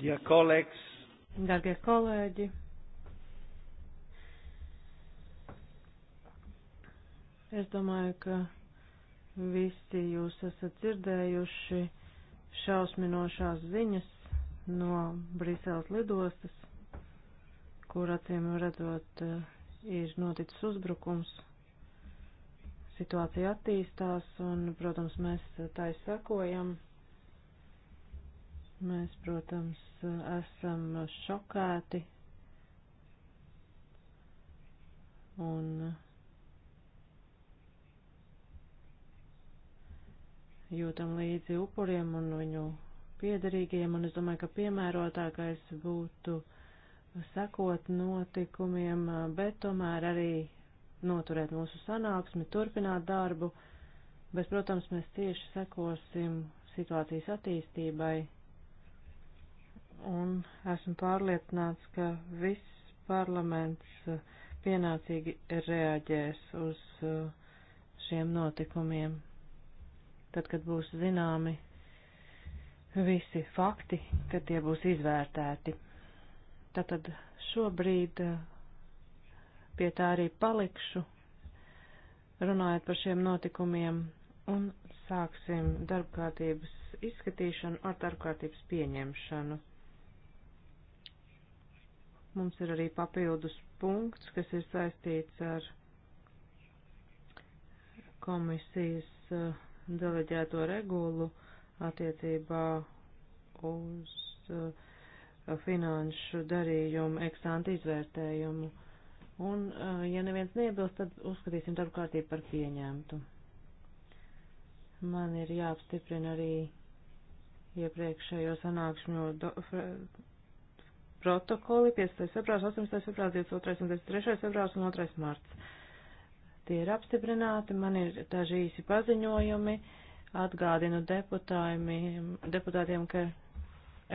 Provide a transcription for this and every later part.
Dear colleagues. Dargie kolēģi. Es domāju, ka visi jūs esat dzirdējuši šausminošās ziņas no Briseles lidostas, kur acīm redzot eh, ir noticis uzbrukums. Situācija attīstās un, protams, mēs tā izsakojam. Mēs, protams, esam šokēti un jūtam līdzi upuriem un viņu piedarīgajiem, un es domāju, ka piemērotākais būtu sekot notikumiem, bet tomēr arī noturēt mūsu sanāksmi, turpināt darbu, bet, protams, mēs tieši sekosim situācijas attīstībai un esmu pārliecināts, ka viss parlaments uh, pienācīgi reaģēs uz uh, šiem notikumiem. Tad, kad būs zināmi visi fakti, kad tie būs izvērtēti. Tātad šobrīd uh, pie tā arī palikšu, runājot par šiem notikumiem, un sāksim darbkārtības izskatīšanu ar darbkārtības pieņemšanu. Mums ir arī papildus punkts, kas ir saistīts ar komisijas eh, deleģēto regulu attiecībā uz eh, finanšu darījumu eksantu izvērtējumu. Un, eh, ja neviens neiebilst, tad uzskatīsim darbu kārtību par pieņemtu. Man ir jāapstiprina arī iepriekšējo sanāksmju do, fra, protokoli 15. februārs, 18. februārs, 22. un 23. februārs un 2. marts. Tie ir apstiprināti, man ir daži īsi paziņojumi, atgādinu deputātiem, ka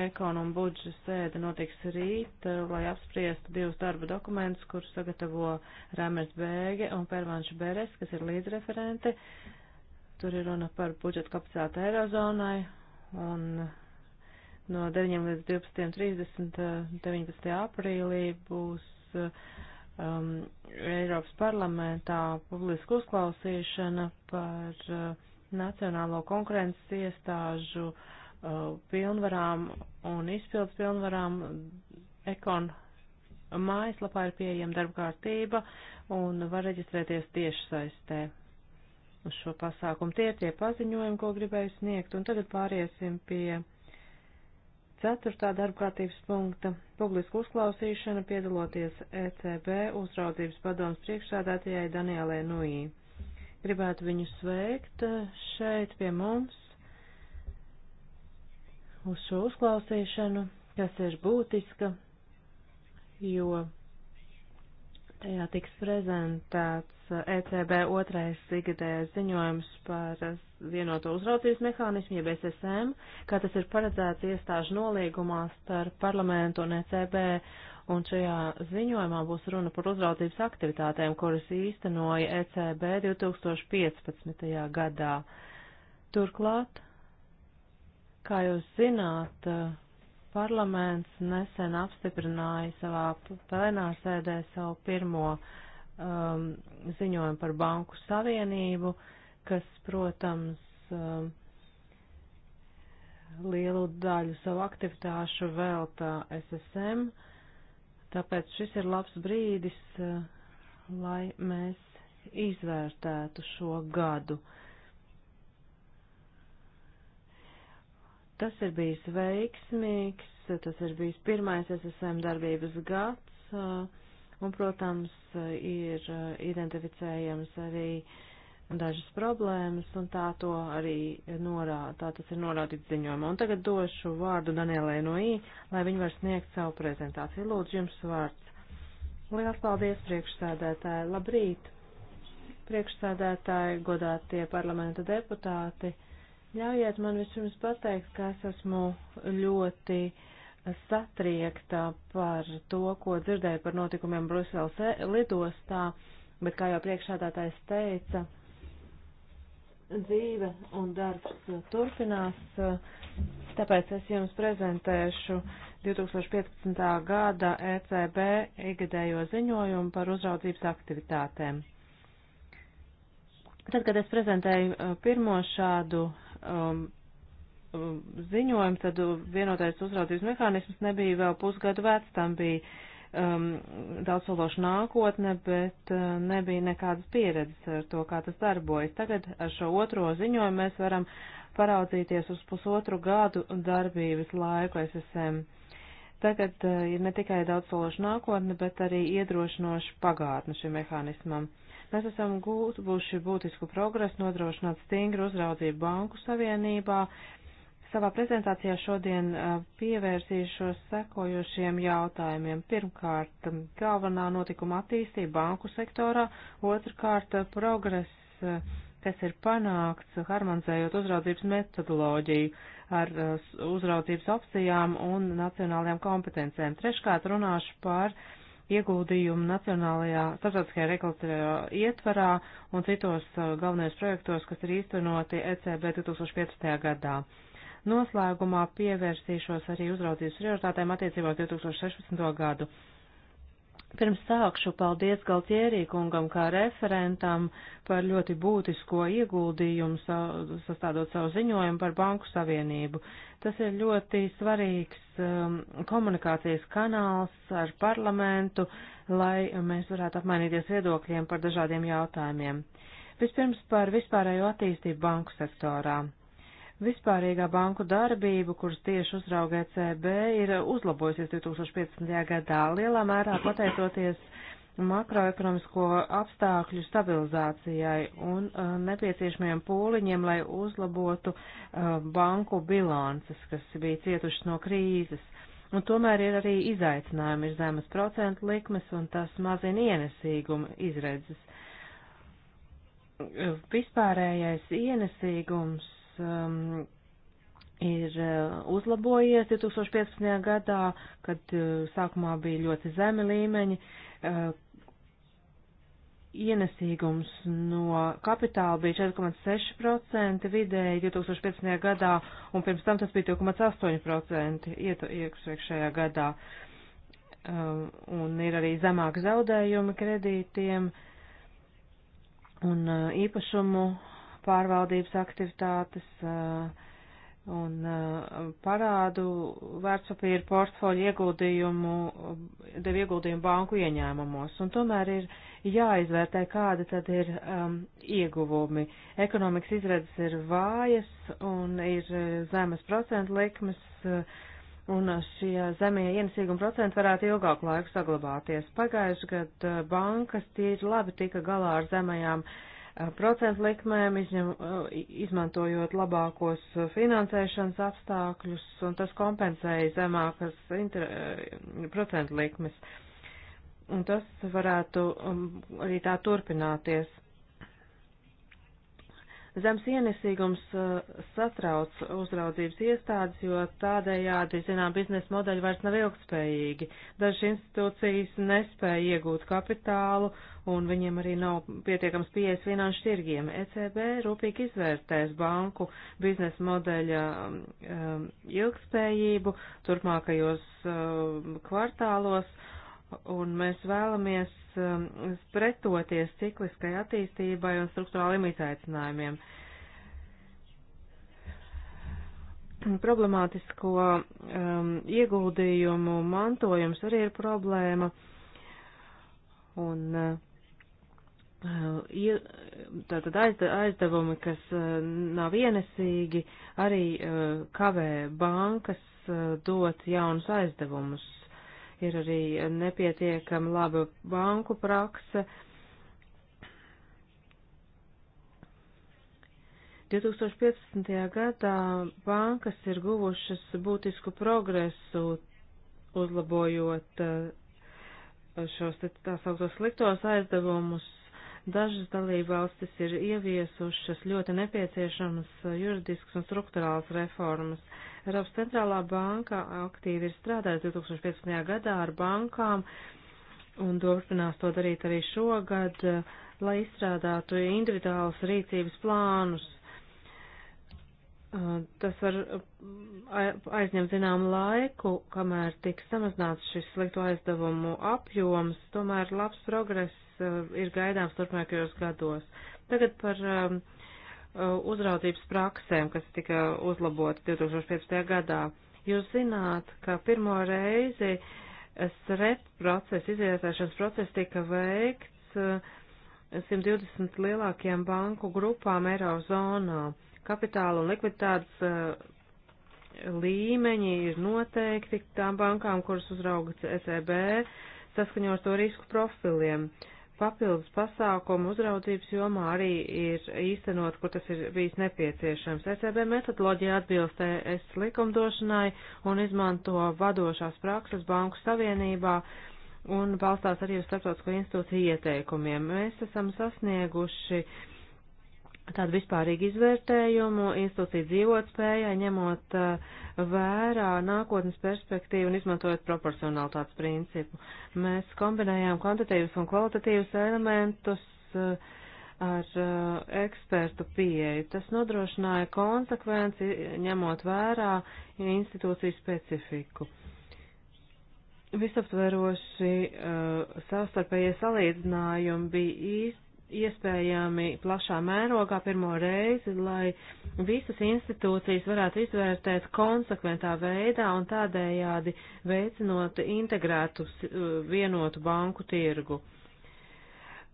ekonu un budžu sēde notiks rīt, lai apspriestu divus darba dokumentus, kurus sagatavo Rēmers Bēge un Pervanš Beres, kas ir līdzreferente. Tur ir runa par budžetu kapacitāti Eirozonai un no 9 līdz 12.30. 19. aprīlī būs um, Eiropas parlamentā publiska uzklausīšana par uh, Nacionālo konkurences iestāžu uh, pilnvarām un izpildus pilnvarām. Ekon mājaslapā ir pieejama darba kārtība un var reģistrēties tieši saistē uz šo pasākumu. Tie ir tie paziņojumi, ko gribēju sniegt, un tagad pāriesim pie Ceturtā darbkārtības punkta - publiska uzklausīšana piedaloties ECB uzraudzības padomas priekšsādātajai Danielē Nui. Gribētu viņu sveikt eh, šeit pie mums uz šo uzklausīšanu, kas ir būtiska, jo Tajā tiks prezentēts ECB otrais ikgadējais ziņojums par vienoto uzraudzības mehānismu, jeb SSM, kā tas ir paredzēts iestāžu nolīgumā starp parlamentu un ECB, un šajā ziņojumā būs runa par uzraudzības aktivitātēm, kuras īstenoja e ECB 2015. gadā. Turklāt, kā jūs zināt, Parlaments nesen apstiprināja savā plenārsēdē savu pirmo um, ziņojumu par Banku Savienību, kas, protams, um, lielu daļu savu aktivitāšu veltā SSM, tāpēc šis ir labs brīdis, uh, lai mēs izvērtētu šo gadu. Tas ir bijis veiksmīgs, tas ir bijis pirmais SSM darbības gads, un, protams, ir identificējams arī dažas problēmas, un tā to arī norāda, tā tas ir norādīts ziņojumā. Un tagad došu vārdu Danielai no I, lai viņi var sniegt savu prezentāciju. Lūdzu, jums vārds. Liels paldies, priekšsēdētāji. Labrīt, priekšsēdētāji, godātie parlamenta deputāti. Ļaujiet man vispirms pateikt, ka es esmu ļoti satriekta par to, ko dzirdēju par notikumiem Bruselas e- lidostā, bet kā jau priekšādātājs teica, dzīve un darbs turpinās, tāpēc es jums prezentēšu 2015. gada ECB ikgadējo ziņojumu par uzraudzības aktivitātēm. Tad, kad es prezentēju eh, pirmo šādu um, um ziņojumu, tad vienotais uzraudzības mehānisms nebija vēl pusgadu vecs, tam bija um, daudzsološa nākotne, bet uh, nebija nekādas pieredzes ar to, kā tas darbojas. Tagad ar šo otro ziņojumu mēs varam paraudzīties uz pusotru gadu darbības laiku SSM. Tagad uh, ir ne tikai daudzsološa nākotne, bet arī iedrošinoša pagātne šim mehānismam. Uh, Mēs esam gūtuši būtisku progresu, nodrošināt stingru uzraudzību Banku Savienībā. Savā prezentācijā šodien pievērsīšos sekojošiem jautājumiem. Pirmkārt, galvenā notikuma attīstība banku sektorā, otrkārt, progress kas ir panākts, harmonizējot uzraudzības metodoloģiju ar uzraudzības opcijām un nacionālajām kompetencēm. Treškārt runāšu par uh, ieguldījumu nacionālajā starptautiskajā regulatorajā ietvarā un citos uh, galvenajos projektos, kas ir īstenoti e ECB 2015. gadā. Noslēgumā pievērsīšos arī uzraudzības prioritātēm attiecībā uz 2016. gadu. Pirms sākšu paldies Galtierī kungam kā referentam par ļoti būtisko ieguldījumu sa sastādot savu ziņojumu par Banku Savienību. Tas ir ļoti svarīgs um, komunikācijas kanāls ar parlamentu, lai mēs varētu apmainīties viedokļiem par dažādiem jautājumiem. Vispirms par vispārējo attīstību banku sektorā. Vispārīgā banku darbība, kuras tieši uzrauga ECB, ir uzlabojusies 2015. gadā, lielā mērā pateicoties makroekonomisko apstākļu stabilizācijai un uh, nepieciešamajiem pūliņiem, lai uzlabotu uh, banku bilances, kas bija cietušas no krīzes. Un tomēr ir arī izaicinājumi, ir zemes procentu likmes un tas mazina ienesīguma izredzes. Vispārējais ienesīgums um, ir uh, uzlabojies 2015. gadā, kad uh, sākumā bija ļoti zemi līmeņi. Uh, ienesīgums no kapitāla bija 4,6% vidēji 2015. gadā, un pirms tam tas bija 2,8% iepriekšējā gadā. Un ir arī zemāk zaudējumi kredītiem un īpašumu pārvaldības aktivitātes uh, un uh, parādu vērtspapīru portfeļu ieguldījumu, uh, devu ieguldījumu banku ieņēmumos. Un tomēr ir jāizvērtē, kāda tad ir um, ieguvumi. Ekonomikas izredzes ir vājas un ir zemes procentu likmes. Uh, un šie zemie ienesīguma procenti varētu ilgāku laiku saglabāties. Pagājuši gadu bankas tīri labi tika galā ar zemajām uh, Eh, procentu likmēm, izņem, eh, izmantojot labākos eh, finansēšanas apstākļus, un tas kompensēja zemākas inter, procentu likmes. Un tas varētu um, arī tā turpināties. Zemes ienesīgums eh, satrauc uzraudzības iestādes, jo tādējādi, zinām, biznesa modeļi vairs nav ilgspējīgi. Dažas institūcijas nespēja iegūt kapitālu, un viņiem arī nav pietiekams pieejas finanšu tirgiem. ECB rūpīgi izvērtēs banku biznesa modeļa um, ilgspējību turpmākajos um, kvartālos un mēs vēlamies um, pretoties cikliskai attīstībai un struktūrāliem izaicinājumiem. Problemātisko um, ieguldījumu mantojums arī ir problēma, un uh, uh tātad aizdevumi, kas uh, nav ienesīgi, arī uh, kavē bankas dot jaunus aizdevumus ir arī nepietiekam laba banku prakse. 2015. gadā bankas ir guvušas būtisku progresu, uzlabojot eh, šos tā sauktos sliktos aizdevumus Dažas dalībvalstis ir ieviesušas ļoti nepieciešamas juridiskas un struktūrāls reformas. Eiropas centrālā banka aktīvi ir strādājusi 2015. gadā ar bankām un turpinās to darīt arī šogad, lai izstrādātu individuālus rīcības plānus. Tas var aizņemt zināmu laiku, kamēr tiks samazināts šis slikto aizdevumu apjoms, tomēr labs progress Eh, ir gaidāms turpmākajos gados. Tagad par um, uzraudzības praksēm, kas tika uzlabotas 2015. gadā. Jūs zināt, ka pirmo reizi SREP process, izviesēšanas process tika veikts 120 lielākajām banku grupām Eirozonā. Kapitāla un likviditātes līmeņi ir noteikti tām bankām, kuras uzrauga ECB, saskaņo ar to risku profiliem. Uh, papildus pasākumu uzraudzības jomā arī ir īstenot, kur tas ir bijis nepieciešams. ECB metodoloģija atbilst ES likumdošanai un izmanto vadošās prakses Banku Savienībā un balstās arī uz starptautisko institūciju ieteikumiem. Mēs esam sasnieguši uh, tādu vispārīgu izvērtējumu institūciju dzīvotspējai, ņemot uh, vērā nākotnes perspektīvu un izmantojot proporcionalitātes principu. Mēs kombinējām kvantitīvus un kvalitatīvus elementus uh, ar uh, ekspertu pieeju. Tas nodrošināja konsekvenci, ņemot vērā institūciju specifiku. Visaptveroši savstarpējie salīdzinājumi bija īsti iespējami plašā mērogā pirmo reizi, lai visas institūcijas varētu izvērtēt konsekventā veidā un tādējādi veicinot integrētu uh, vienotu banku tirgu.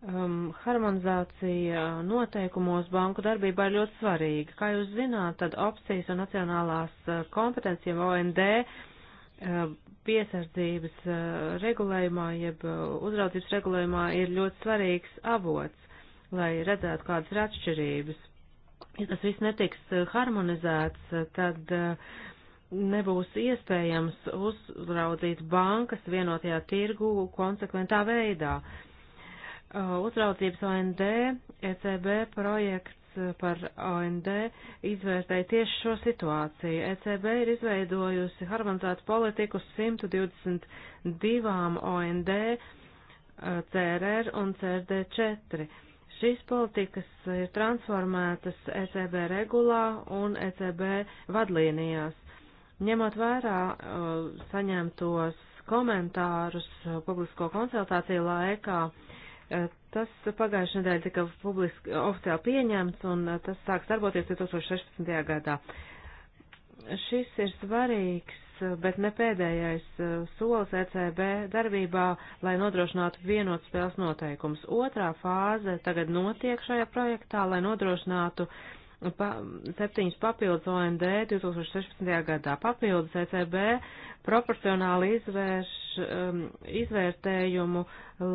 Um, harmonizācija noteikumos banku darbībā ir ļoti svarīga. Kā jūs zināt, tad opcijas un nacionālās kompetencijām OND uh, piesardzības regulējumā, jeb uzraudzības regulējumā ir ļoti svarīgs avots, lai redzētu, kādas ir atšķirības. Ja tas viss netiks harmonizēts, tad nebūs iespējams uzraudzīt bankas vienotajā tirgu konsekventā veidā. Uzraudzības OND ECB projekts par OND izvērtēja tieši šo situāciju. ECB ir izveidojusi harmonizētu politiku 122 OND, CRR un CRD4. Šīs politikas ir transformētas ECB regulā un ECB vadlīnijās. Ņemot vērā eh, saņemtos komentārus publisko konsultāciju laikā, Eh, tas pagājušajā nedēļā tika publiski eh, oficiāli pieņemts un eh, tas sāks darboties 2016. gadā. Šis ir svarīgs, bet ne pēdējais solis ECB darbībā, lai nodrošinātu vienotas spēles noteikums. Otrā fāze tagad notiek šajā projektā, lai nodrošinātu uh, pa, septiņus papildus OMD 2016. gadā. Papildus ECB proporcionāli izvērš, um, izvērtējumu,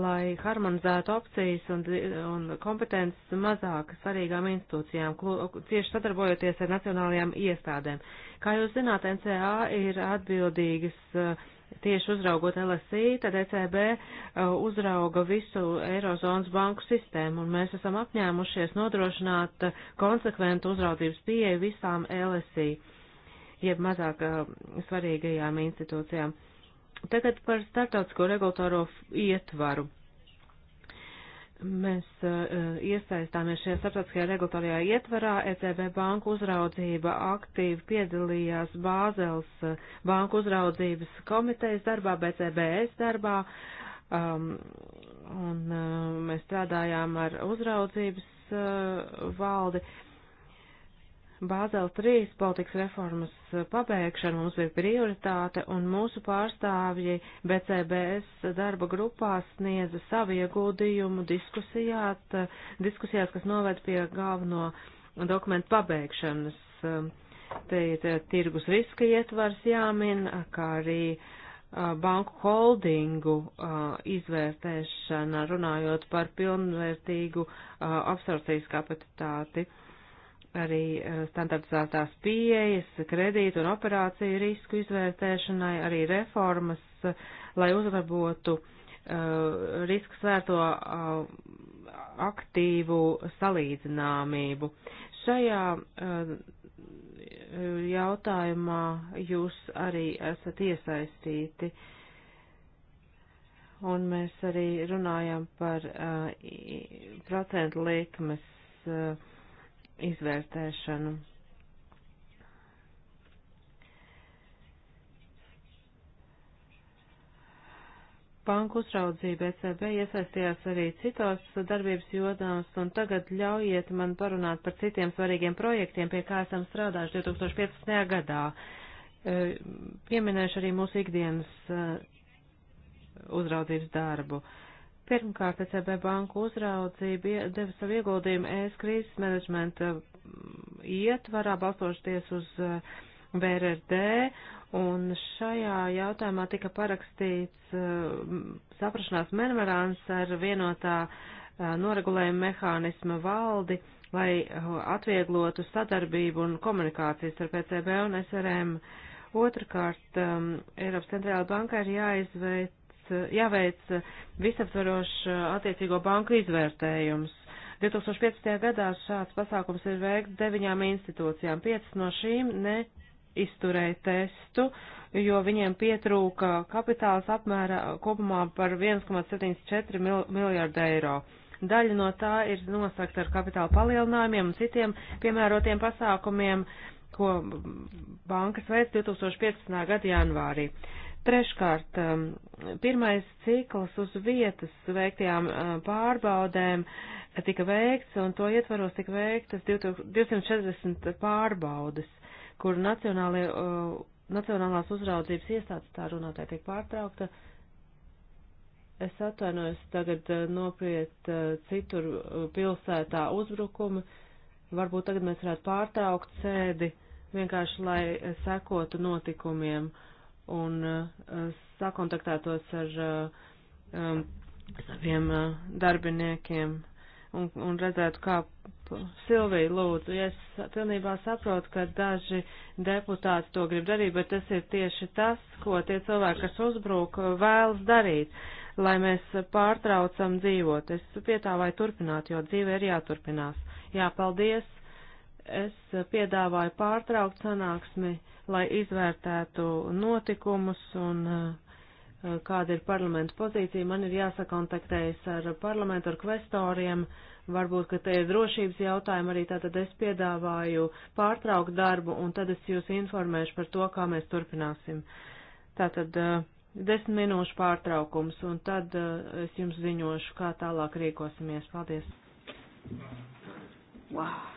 lai harmonizētu opcijas un, un kompetences mazāk svarīgām institūcijām, klu, cieši sadarbojoties ar nacionālajām iestādēm. Kā jūs zināt, NCA ir atbildīgas uh, tieši uzraugot LSI, tad ECB uh, uzrauga visu Eirozonas banku sistēmu, un mēs esam apņēmušies nodrošināt konsekventu uzraudzības pieeju visām LSI, jeb mazāk uh, svarīgajām institūcijām. Tagad par startautisko regulatoro ietvaru. Mēs uh, iesaistāmies šajā starptautiskajā regulatorijā ietvarā. ECB banku uzraudzība aktīvi piedalījās Bāzels uh, banku uzraudzības komitejas darbā, BCBS darbā. Um, un uh, mēs strādājām ar uzraudzības uh, valdi. Uh, Bāzela 3 politikas reformas eh, pabeigšana mums bija prioritāte, un mūsu pārstāvji BCBS darba grupās sniedza savu ieguldījumu diskusijāt, eh, diskusijās, kas noved pie galveno dokumentu pabeigšanas. Eh, te ir tirgus riska ietvars jāmin, kā arī banku holdingu izvērtēšana, runājot par pilnvērtīgu absorpcijas kapacitāti arī eh, standartizētās pieejas, kredītu un operāciju risku izvērtēšanai, arī reformas, eh, lai uzlabotu uh, eh, risku svērto uh, aktīvu salīdzināmību. Šajā uh, jautājumā jūs arī esat iesaistīti. Un mēs arī runājam par uh, procentu likmes uh, izvērtēšanu. Banku uzraudzība ECB iesaistījās arī citos darbības jodāms, un tagad ļaujiet man parunāt par citiem svarīgiem projektiem, pie kā esam strādājuši 2015. gadā. E, pieminēšu arī mūsu ikdienas e, uzraudzības darbu. Uh, Pirmkārt, ECB banku uzraudzība deva savu ieguldījumu ES krīzes menedžmenta mm, ietvarā, balstoties uz BRD, e, un šajā jautājumā tika parakstīts e, saprašanās memorāns ar vienotā e, noregulējuma mehānisma valdi, lai atvieglotu sadarbību un komunikācijas ar PCB un SRM. Otrakārt, um, Eiropas centrāla banka ir jāizveic jāveic visaptvarošs uh, attiecīgo banku izvērtējums. 2015. gadā šāds pasākums ir veikts deviņām institūcijām. Piecas no šīm neizturēja testu, jo viņiem pietrūka kapitāls apmērā kopumā par 1,74 miljārdu eiro. Daļa no tā ir nosakta ar kapitāla palielinājumiem un citiem piemērotiem pasākumiem, ko bankas veids 2015. gada janvārī. Treškārt, um, pirmais cikls uz vietas veiktajām uh, pārbaudēm tika veikts, un to ietvaros tika veiktas 240 pārbaudes, kur uh, nacionālās uzraudzības iestādes tā runātāja tiek pārtraukta. Es atvainojos tagad uh, nopriet citur pilsētā uzbrukumi. Varbūt tagad mēs varētu pārtraukt sēdi, vienkārši lai sekotu notikumiem. Uh, un eh, sakontaktētos ar eh, um, saviem eh, darbiniekiem un, un redzētu, kā Silvija lūdzu. Ja es pilnībā saprotu, ka daži deputāti to grib darīt, bet tas ir tieši tas, ko tie cilvēki, kas uzbrūk, vēlas darīt, lai mēs pārtraucam dzīvot. Es pietāvāju turpināt, jo dzīve ir jāturpinās. Jā, paldies es piedāvāju pārtraukt sanāksmi, lai izvērtētu notikumus un eh, kāda ir parlamenta pozīcija. Man ir jāsakontaktējas ar parlamentu, ar kvestoriem, varbūt, ka te ir drošības jautājumi arī, tātad es piedāvāju pārtraukt darbu un tad es jūs informēšu par to, kā mēs turpināsim. Tātad eh, desmit minūšu pārtraukums un tad eh, es jums ziņošu, kā tālāk rīkosimies. Paldies! Wow.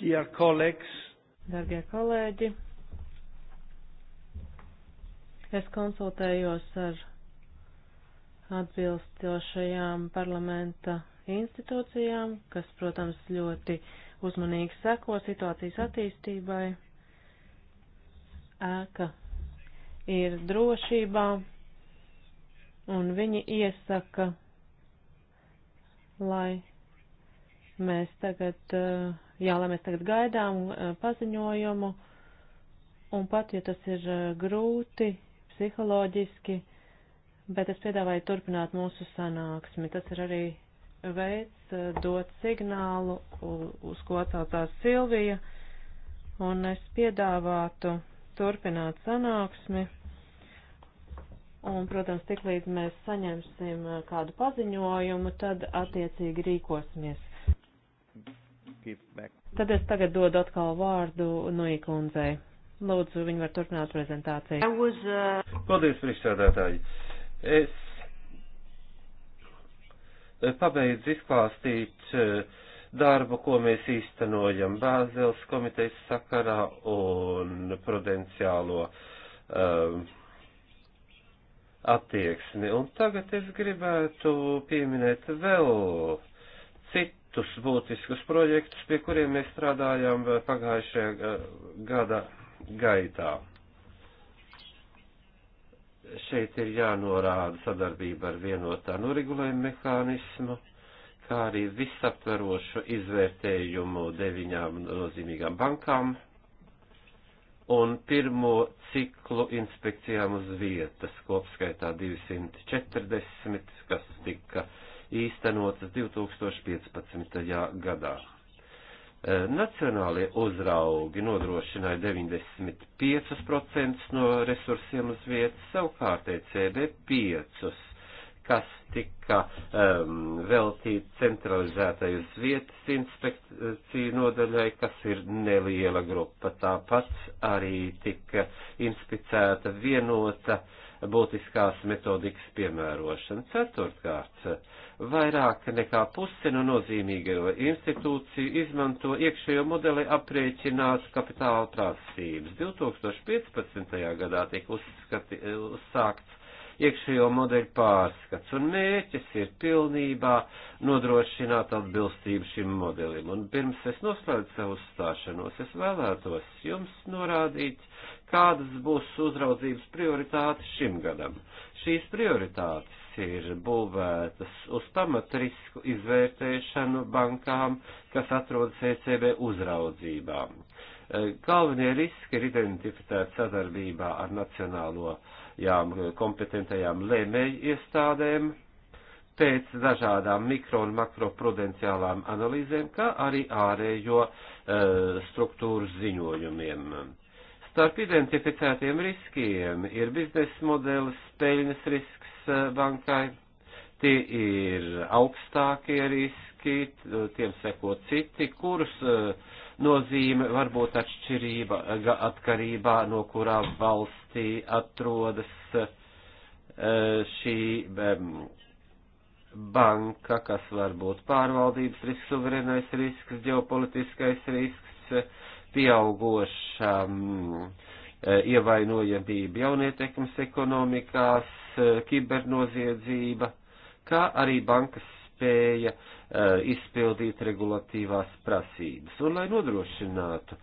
dear colleagues. Dargie kolēģi, es konsultējos ar atbilstošajām parlamenta institūcijām, kas, protams, ļoti uzmanīgi seko situācijas attīstībai. Ēka ir drošībā, un viņi iesaka, lai mēs tagad uh, jā, lai mēs tagad gaidām uh, paziņojumu, un pat, ja tas ir uh, grūti psiholoģiski, bet es piedāvāju turpināt mūsu sanāksmi. Tas ir arī veids uh, dot signālu, uz ko atsaucās Silvija, un es piedāvātu turpināt sanāksmi. Un, protams, tiklīdz mēs saņemsim kādu paziņojumu, tad attiecīgi rīkosimies. Tad es tagad dodu atkal vārdu Nuikundzei. Lūdzu, viņi var turpināt prezentāciju. Was, uh... Paldies, priekšsēdētāji. Es pabeidzu izklāstīt uh, darbu, ko mēs īstenojam Bāzels komitejas sakarā un prudenciālo um, attieksmi. Un tagad es gribētu pieminēt vēl citu citus būtiskus projektus, pie kuriem mēs strādājām pagājušajā eh, gada gaitā. Šeit ir jānorāda sadarbība ar vienotā noregulējuma mehānismu, kā arī visaptverošu izvērtējumu deviņām nozīmīgām bankām un pirmo ciklu inspekcijām uz vietas, kopskaitā 240, kas tika uh, īstenotas 2015. gadā. E, nacionālie uzraugi nodrošināja 95% no resursiem uz vietas, savukārt e ECB 5%, kas tika um, veltīti centralizētai uz vietas inspekciju nodaļai, kas ir neliela grupa. Tāpat arī tika inspicēta vienota uh, būtiskās metodikas piemērošana. Ceturtkārt, vairāk nekā puse no nozīmīgajo institūciju izmanto iekšējo modeli aprēķināt kapitāla prasības. 2015. gadā tiek uzskati, uzsākts iekšējo modeļu pārskats, un mērķis ir pilnībā nodrošināt atbilstību šim modelim. Un pirms es noslēdzu savu stāšanos, es vēlētos jums norādīt, kādas būs uzraudzības prioritātes šim gadam. Šīs prioritātes ir būvētas uz pamatrisku izvērtēšanu bankām, kas atrodas ECB uzraudzībām. Galvenie riski ir identificēti sadarbībā ar Nacionālo uh, jām eh, kompetentajām lēmēju iestādēm pēc dažādām mikro un makroprudenciālām analīzēm, kā arī ārējo e, struktūru ziņojumiem. Starp identificētiem riskiem ir biznesa modelis, peļņas risks eh, bankai, tie ir augstākie riski, tiem seko citi, kurus uh, nozīme var būt atšķirība atkarībā no kurā valstī atrodas e, šī banka, kas var būt pārvaldības risks, suverēnais risks, ģeopolitiskais risks, pieaugoša um, e, ievainojamība jaunietekmes ekonomikās, e, kibernoziedzība, kā arī bankas spēja uh, Eh, izpildīt regulatīvās prasības. Un, lai nodrošinātu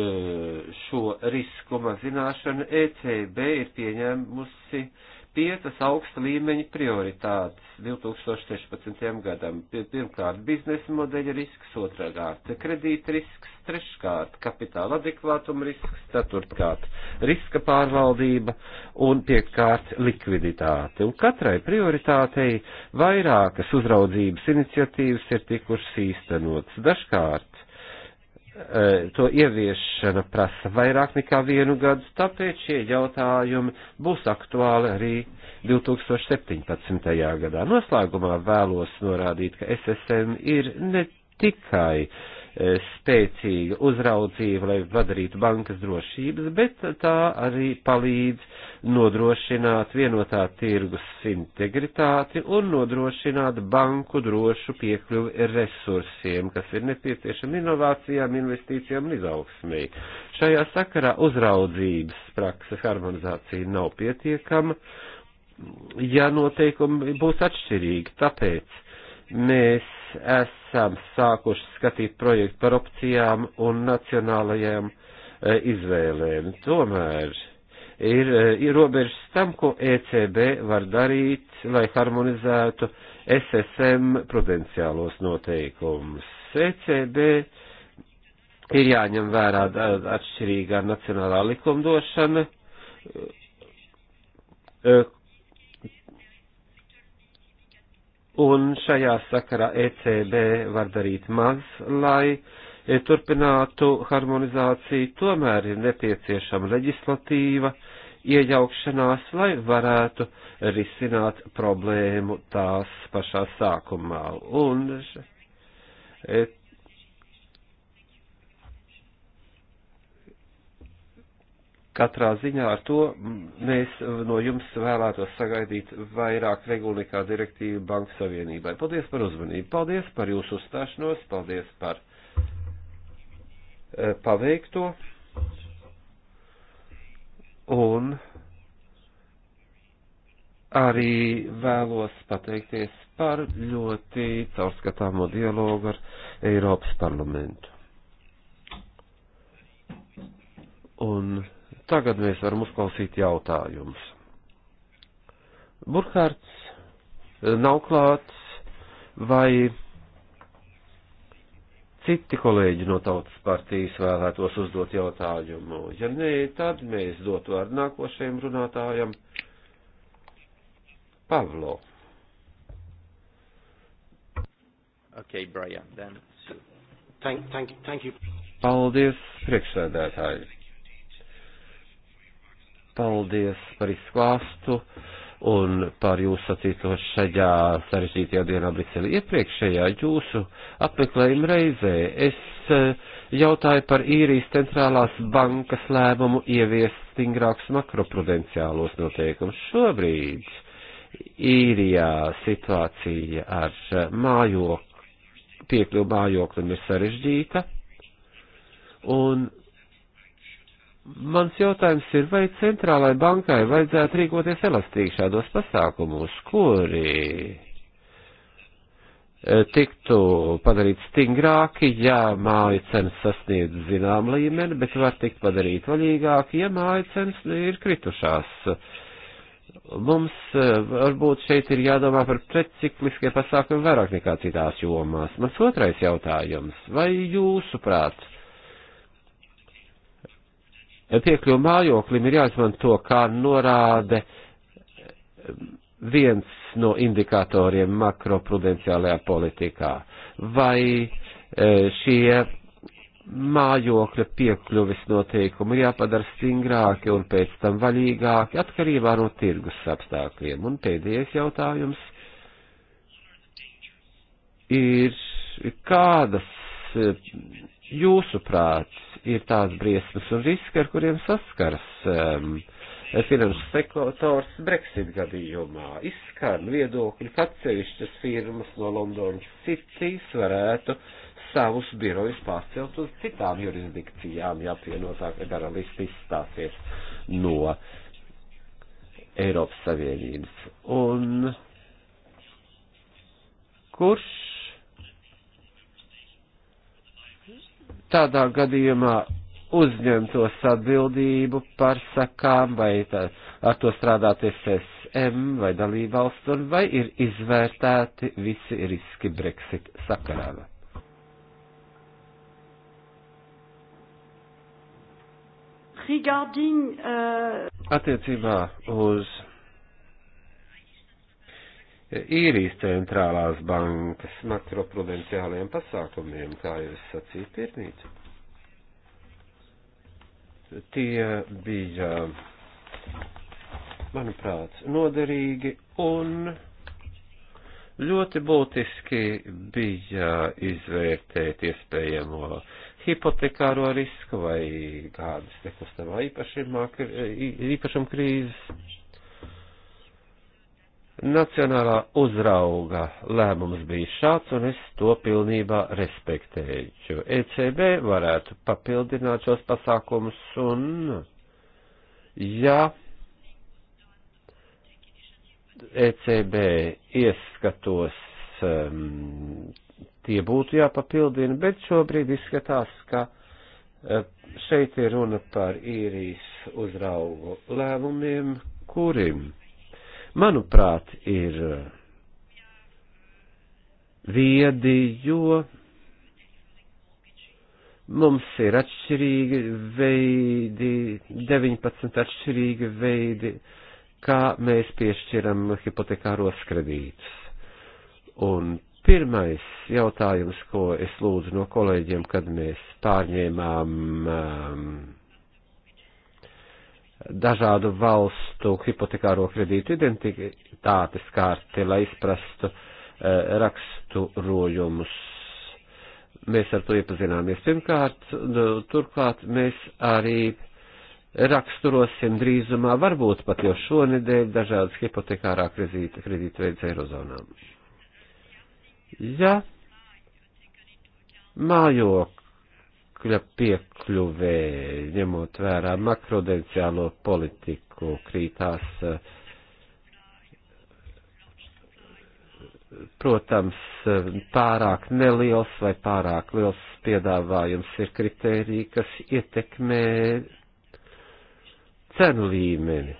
eh, šo risku mazināšanu, ECB ir pieņēmusi uh, piecas augsta līmeņa prioritātes 2016. gadam. Pirmkārt, biznesa modeļa risks, otrkārt, kredīta risks, treškārt, kapitāla adekvātuma risks, ceturtkārt, riska pārvaldība un piektkārt, likviditāte. Un katrai prioritātei vairākas uzraudzības iniciatīvas ir tikušas īstenotas. Dažkārt E, to ieviešana prasa vairāk nekā vienu gadu, tāpēc šie jautājumi būs aktuāli arī 2017. gadā. Noslēgumā vēlos norādīt, ka SSM ir ne tikai uh, E, spēcīga uzraudzība, lai padarītu bankas drošības, bet tā arī palīdz nodrošināt vienotā tirgus integritāti un nodrošināt banku drošu piekļuvi resursiem, kas ir nepieciešami inovācijām, investīcijām un izaugsmī. Šajā sakarā uzraudzības prakses harmonizācija nav pietiekama, ja noteikumi būs atšķirīgi, tāpēc mēs esam sākuši skatīt projektu par opcijām un nacionālajām e, izvēlēm. Tomēr ir, e, ir robežas tam, ko ECB var darīt, lai harmonizētu SSM prudenciālos noteikumus. ECB ir jāņem vērā atšķirīgā nacionālā likumdošana, e, un šajā sakarā ECB var darīt maz, lai e, turpinātu harmonizāciju, tomēr ir nepieciešama leģislatīva iejaukšanās, lai varētu risināt problēmu tās pašā sākumā. Un e, Katrā ziņā ar to mēs no jums vēlētos sagaidīt vairāk regulu nekā direktīva Banku Savienībai. Paldies par uzmanību, paldies par jūsu uzstāšanos, paldies par e, paveikto. Un arī vēlos pateikties par ļoti caurskatāmo dialogu ar Eiropas parlamentu. Un Tagad mēs varam uzklausīt jautājumus. Burkhārds eh, nav klāts vai citi kolēģi no tautas partijas vēlētos uzdot jautājumu. Ja nē, tad mēs dotu ar nākošajam runātājam Pavlo. Okay, Brian, then. Thank, thank, thank you. Paldies, priekšsēdētāji. Paldies par izklāstu un par jūsu sacīto šajā sarežģītajā dienā Briselī. Iepriekšējā jūsu apmeklējuma reizē es eh, jautāju par īrijas centrālās bankas lēmumu ieviest stingrākus makroprudenciālos noteikumus. Šobrīd īrijā situācija ar mājokli, piekļuvu mājoklim ir sarežģīta. Un Mans jautājums ir, vai centrālai bankai vajadzētu rīkoties elastīgi šādos pasākumos, kuri e, tiktu padarīt stingrāki, ja māju cenas sasniedz zinām līmeni, bet var tikt padarīt vaļīgāki, ja māju cenas ir kritušās. Mums e, varbūt šeit ir jādomā par precikliskiem pasākumiem vairāk nekā citās jomās. Mans otrais jautājums, vai jūsuprāt, piekļuvu mājoklim ir jāizmanto kā norāde viens no indikatoriem makroprudenciālajā politikā. Vai e, šie mājokļa piekļuvis noteikumi ir jāpadara stingrāki un pēc tam vaļīgāki atkarībā no tirgus apstākļiem. Un pēdējais jautājums ir kādas e, jūsuprāt ir tās briesmas un riski, ar kuriem saskars um, finanšu sektors Brexit gadījumā. Izskan viedokļi, ka atsevišķas firmas no Londonas Citīs varētu savus birojus pārcelt uz citām jurisdikcijām, ja apvienotā karalista izstāsies no Eiropas Savienības. Un kurš tādā gadījumā uzņemtos atbildību par sakām, vai tā, ar to strādāties SM vai dalībvalsts, un vai ir izvērtēti visi riski Brexit sakarā. Regarding, uh... Attiecībā uz īrijas centrālās bankas makroprudenciāliem pasākumiem, kā jau es sacīju pirmīt. Tie bija, manuprāt, noderīgi un ļoti būtiski bija izvērtēt iespējamo hipotekāro risku vai kādas nekustamā īpašuma krīzes Nacionālā uzrauga lēmums bija šāds, un es to pilnībā respektēju. ECB varētu papildināt šos pasākumus, un ja ECB ieskatos um, tie būtu jāpapildina, bet šobrīd izskatās, ka uh, šeit ir runa par īrijas uzraugu lēmumiem, kurim manuprāt, ir uh, viedi, jo mums ir atšķirīgi veidi, 19 atšķirīgi veidi, kā mēs piešķiram hipotekāros kredītus. Un pirmais jautājums, ko es lūdzu no kolēģiem, kad mēs pārņēmām um, dažādu valstu hipotekāro kredītu identitātes kārti, lai izprastu eh, raksturojumus. Mēs ar to iepazināmies pirmkārt, nu, turklāt mēs arī raksturosim drīzumā, varbūt pat jau šonedēļ, dažādas hipotekārā kredīta, kredīta veids Eirozonām. Ja mājok līdzekļa piekļuvē, ņemot vērā makrodenciālo politiku, krītās, eh, protams, eh, pārāk neliels vai pārāk liels piedāvājums ir kritērija, kas ietekmē cenu līmeni.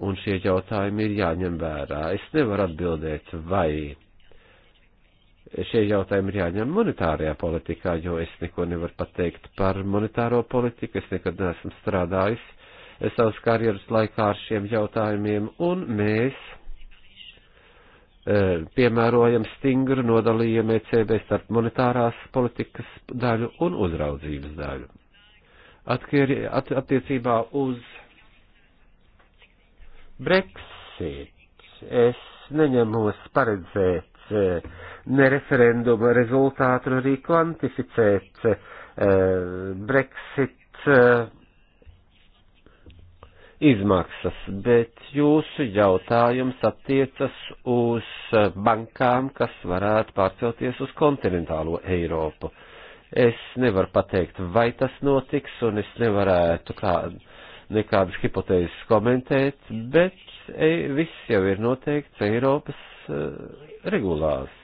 Un šie jautājumi ir jāņem vērā. Es nevaru atbildēt, vai šie jautājumi ir jāņem monetārajā politikā, jo es neko nevaru pateikt par monetāro politiku, es nekad neesmu strādājis savas karjeras laikā ar šiem jautājumiem, un mēs e, piemērojam stingru nodalījumu ECB starp monetārās politikas daļu un uzraudzības daļu. Atkieri, at, attiecībā uz Brexit es neņemos paredzēt e, ne referenduma rezultātu arī kvantificēt e, Brexit e, izmaksas, bet jūsu jautājums attiecas uz eh, bankām, kas varētu pārcelties uz kontinentālo Eiropu. Es nevaru pateikt, vai tas notiks, un es nevarētu kā, nekādas hipotēzes komentēt, bet e, viss jau ir noteikts Eiropas e, regulās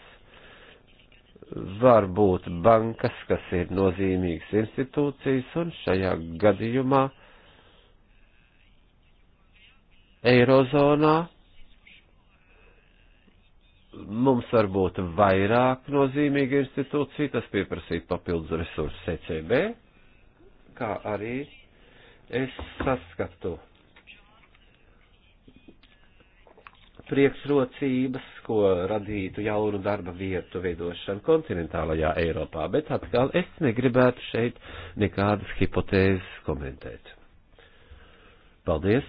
var būt bankas, kas ir nozīmīgas institūcijas, un šajā gadījumā Eirozonā mums var būt vairāk nozīmīga institūcija, tas pieprasīt papildus resursu e CCB, kā arī es saskatu priekšrocības, ko radītu jaunu darba vietu veidošana kontinentālajā Eiropā, bet atkal es negribētu šeit nekādas hipotēzes komentēt. Paldies,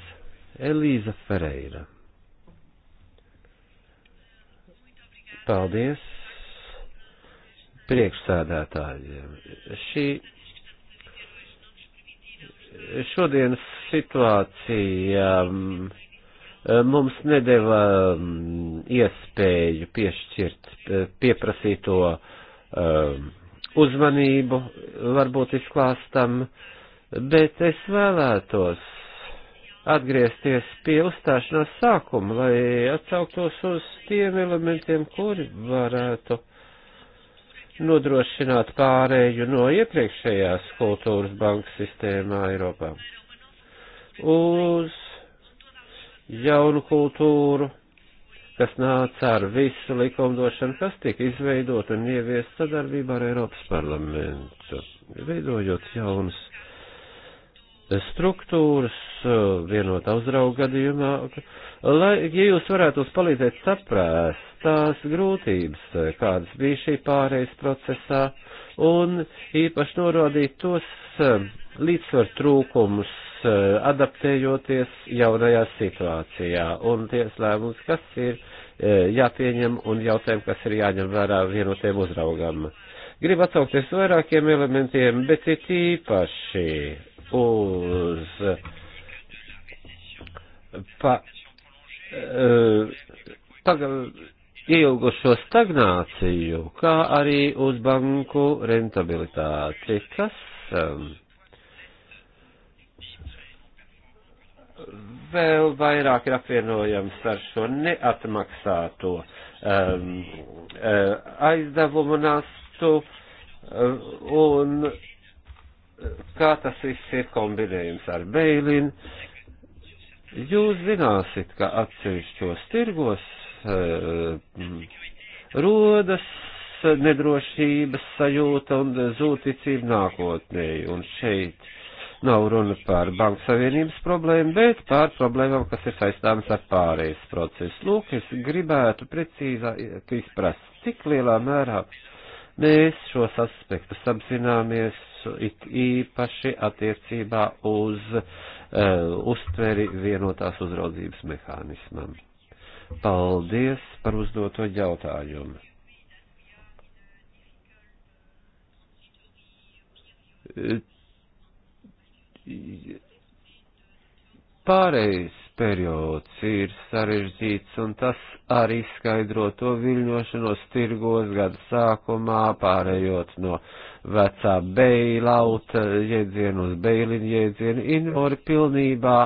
Elīza Ferreira. Paldies priekšsēdētājiem. Šī šodienas situācija um, Eh, mums nedēva mm, iespēju piešķirt eh, pieprasīto eh, uzmanību, varbūt izklāstam, bet es vēlētos atgriezties pie uzstāšanās sākuma, lai atsauktos uz tiem elementiem, kuri varētu nodrošināt pārēju no iepriekšējās kultūras bankas sistēmā Eiropā uz jaunu kultūru, kas nāca ar visu likumdošanu, kas tika izveidot un ieviest sadarbībā ar Eiropas parlamentu, veidojot jaunas struktūras vienotā uzrauga gadījumā, lai, ja jūs varētu mums palīdzēt saprast tās grūtības, kādas bija šī pārejas procesā, un īpaši norādīt tos eh, līdzsvar trūkumus Eh, adaptējoties jaunajā situācijā. Un ties lēmums, kas ir eh, jāpieņem un jautājumi, kas ir jāņem vērā vienotiem uzraugam. Gribu atsaukties vairākiem elementiem, bet ir īpaši uz pa, eh, pagal ilgušo stagnāciju, kā arī uz banku rentabilitāti, kas um, vēl vairāk ir apvienojams ar šo neatmaksāto um, uh, aizdevumu nastu uh, un uh, kā tas viss ir kombinējums ar beilinu. Jūs zināsit, ka atsevišķos tirgos um, rodas nedrošības sajūta un zūticība nākotnē, un šeit nav runa par Banku Savienības problēmu, bet par problēmām, kas ir saistāmas ar pārējais procesu. Lūk, es gribētu precīzāk izprast, cik lielā mērā mēs šos aspektus apzināmies it īpaši attiecībā uz uh, uztveri vienotās uzraudzības mehānismam. Paldies par uzdoto jautājumu. Uh, pārējais periods ir sarežģīts, un tas arī skaidro to viļņošanos tirgos gada sākumā, pārējot no vecā beilauta jēdzienu uz beilinu jēdzienu, invori pilnībā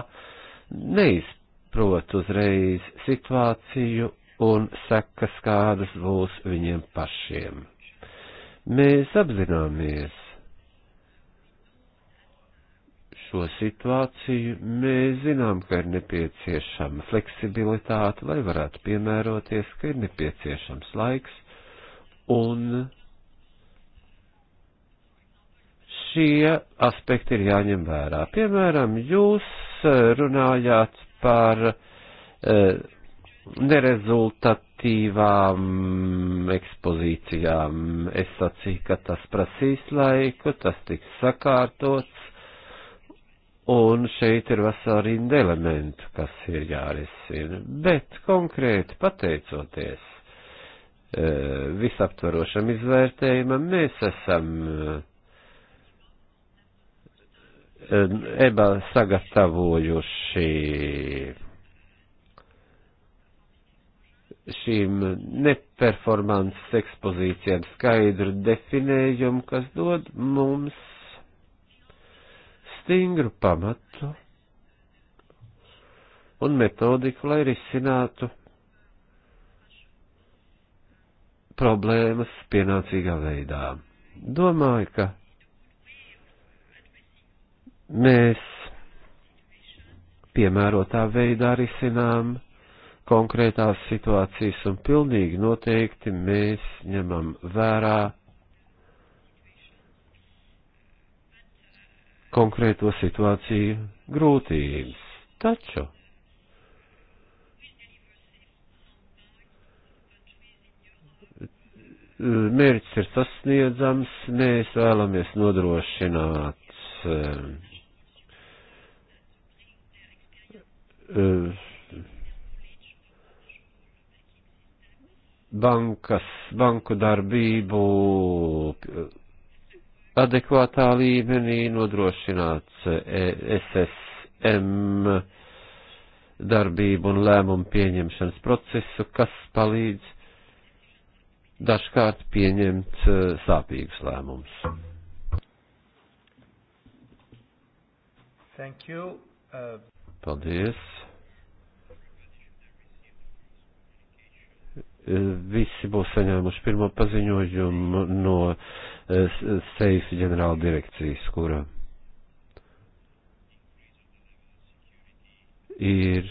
neizprot uzreiz situāciju un sekas, kādas būs viņiem pašiem. Mēs apzināmies, šo situāciju, mēs zinām, ka ir nepieciešama fleksibilitāte, lai varētu piemēroties, ka ir nepieciešams laiks, un šie aspekti ir jāņem vērā. Piemēram, jūs eh, runājāt par e, nerezultatīvām ekspozīcijām. Es sacīju, ka tas prasīs laiku, tas tiks sakārtots Un šeit ir vesela rinda elementu, kas ir jārisina. Bet konkrēti pateicoties e, visaptvarošam izvērtējumam, mēs esam e, EBA sagatavojuši šīm neperformances ekspozīcijām skaidru definējumu, kas dod mums stingru pamatu un metodiku, lai risinātu problēmas pienācīgā veidā. Domāju, ka mēs piemērotā veidā risinām konkrētās situācijas un pilnīgi noteikti mēs ņemam vērā konkrēto situāciju grūtības. Taču mērķis ir sasniedzams, mēs vēlamies nodrošināt eh, eh, bankas, banku darbību adekvātā līmenī nodrošināts e SSM darbību un lēmumu pieņemšanas procesu, kas palīdz dažkārt pieņemt e, sāpīgus lēmumus. Thank you. Uh... Paldies. visi būs saņēmuši pirmo paziņojumu no eh, Seifa ģenerāla direkcijas, kura ir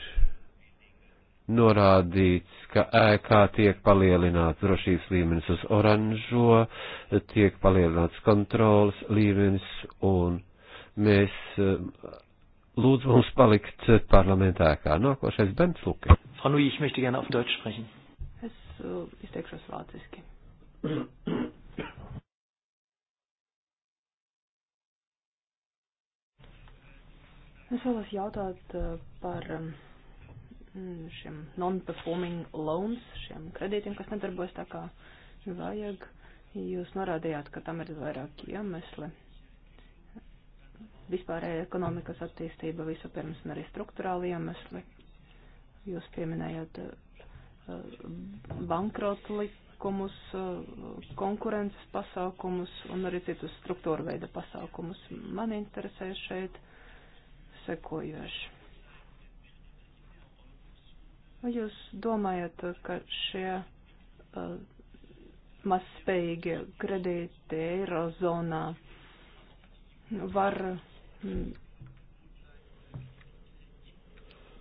norādīts, ka ēkā tiek palielināts drošības līmenis uz oranžo, tiek palielināts kontrolas līmenis un mēs eh, lūdzu mums palikt parlamentā ēkā. Nākošais Bents Luke. Frau Nui, ich möchte gerne auf Deutsch sprechen. Uh, izteikšos vāciski. Es vēlos jautāt uh, par um, šiem non-performing loans, šiem kredītiem, kas nedarbojas tā kā vajag. Jūs norādījāt, ka tam ir vairāki iemesli. Vispārēja ekonomikas attīstība visu pirms un arī struktūrāli iemesli. Jūs pieminējāt uh, bankrotu likumus, konkurences pasākumus un arī citus struktūra veida pasākumus. Man interesē šeit sekojoši. Vai jūs domājat, ka šie uh, mazspējīgie kredīti Eirozonā var mm,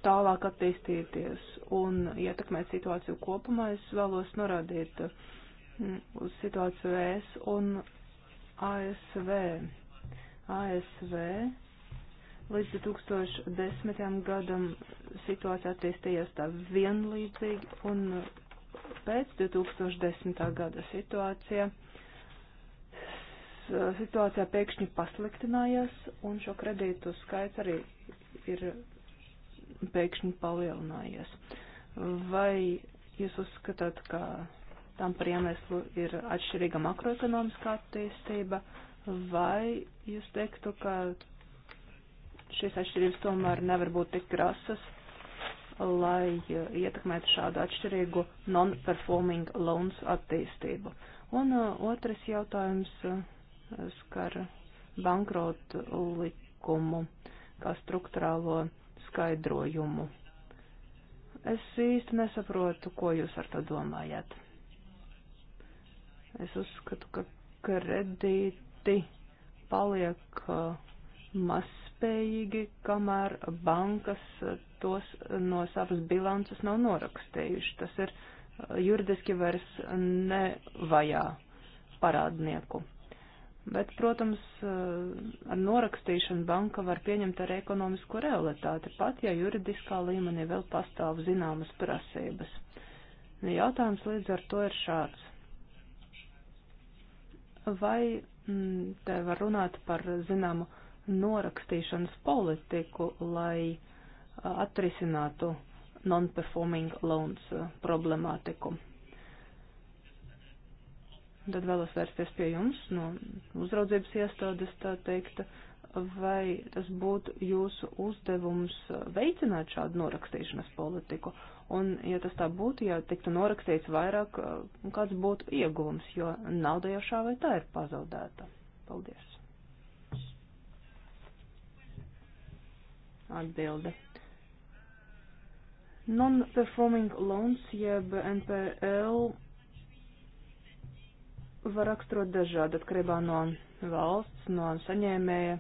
tālāk attīstīties un ietekmēt situāciju kopumā, es vēlos norādīt mm, uz situāciju ES un ASV. ASV līdz 2010. gadam situācija attīstījās tā vienlīdzīgi un pēc 2010. gada situācija situācijā pēkšņi pasliktinājās un šo kredītu skaits arī ir pēkšņi palielinājies. Vai jūs uzskatāt, ka tam par iemeslu ir atšķirīga makroekonomiskā attīstība, vai jūs teiktu, ka šīs atšķirības tomēr nevar būt tik krasas, lai ietekmētu šādu atšķirīgu non-performing loans attīstību? Un uh, otrs jautājums uh, skar bankrotu likumu kā struktūrālo skaidrojumu. Es īsti nesaprotu, ko jūs ar to domājat. Es uzskatu, ka kredīti paliek uh, mazspējīgi, kamēr bankas tos no savas bilances nav norakstījuši. Tas ir uh, juridiski vairs nevajā parādnieku. Bet, protams, eh, ar norakstīšanu banka var pieņemt ar ekonomisko realitāti, pat ja juridiskā līmenī vēl pastāv zināmas prasības. Jautājums līdz ar to ir šāds. Vai mm, te var runāt par zināmu norakstīšanas politiku, lai eh, atrisinātu non-performing loans eh, problemātiku? tad vēlos vērsties pie jums no uzraudzības iestādes, tā teikt, vai tas būtu jūsu uzdevums veicināt šādu norakstīšanas politiku. Un, ja tas tā būtu, ja tiktu norakstīts vairāk, kāds būtu ieguvums, jo nauda jau šā vai tā ir pazaudēta. Paldies. Atbilde. Non-performing loans jeb NPL var raksturot dažādi atkarībā no valsts, no saņēmēja.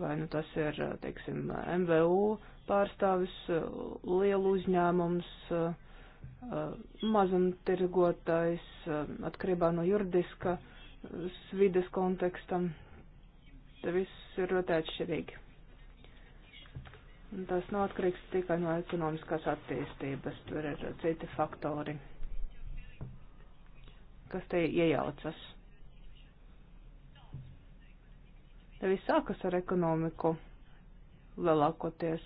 Vai nu tas ir, teiksim, MVU pārstāvis, lielu uzņēmums, mazumtirgotājs, atkarībā no juridiska vides kontekstam. Te viss ir ļoti atšķirīgi. Tas nav atkarīgs tikai no ekonomiskās attīstības, tur ir citi faktori kas te iejaucas. Te viss sākas ar ekonomiku lielākoties,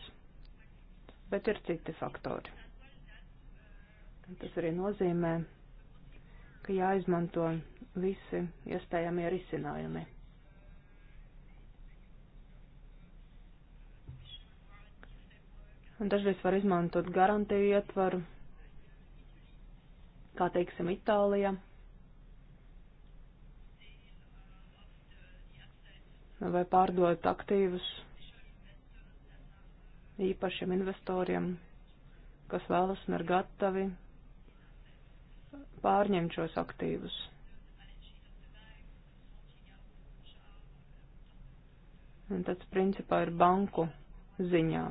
bet ir citi faktori. Tas arī nozīmē, ka jāizmanto visi iespējamie risinājumi. Un dažreiz var izmantot garantiju ietvaru, kā teiksim Itālijā. vai pārdot aktīvus īpašiem investoriem, kas vēlas un ir gatavi pārņemt šos aktīvus. Un tas principā ir banku ziņā,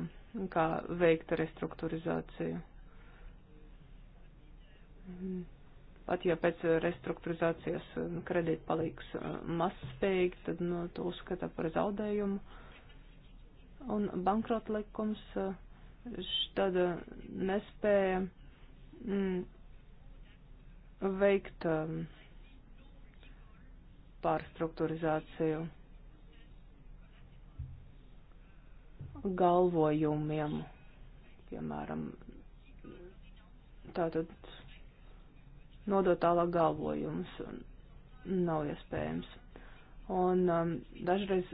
kā veikt restruktūrizāciju. Mm. Pat ja pēc eh, restruktūrizācijas eh, kredīt paliks eh, mazspējīgi, tad nu, to uzskata par zaudējumu. Un bankrota likums tad nespēja mm, veikt um, pārstruktūrizāciju galvojumiem, piemēram, tātad nodot tālāk galvojumus nav iespējams. Un um, dažreiz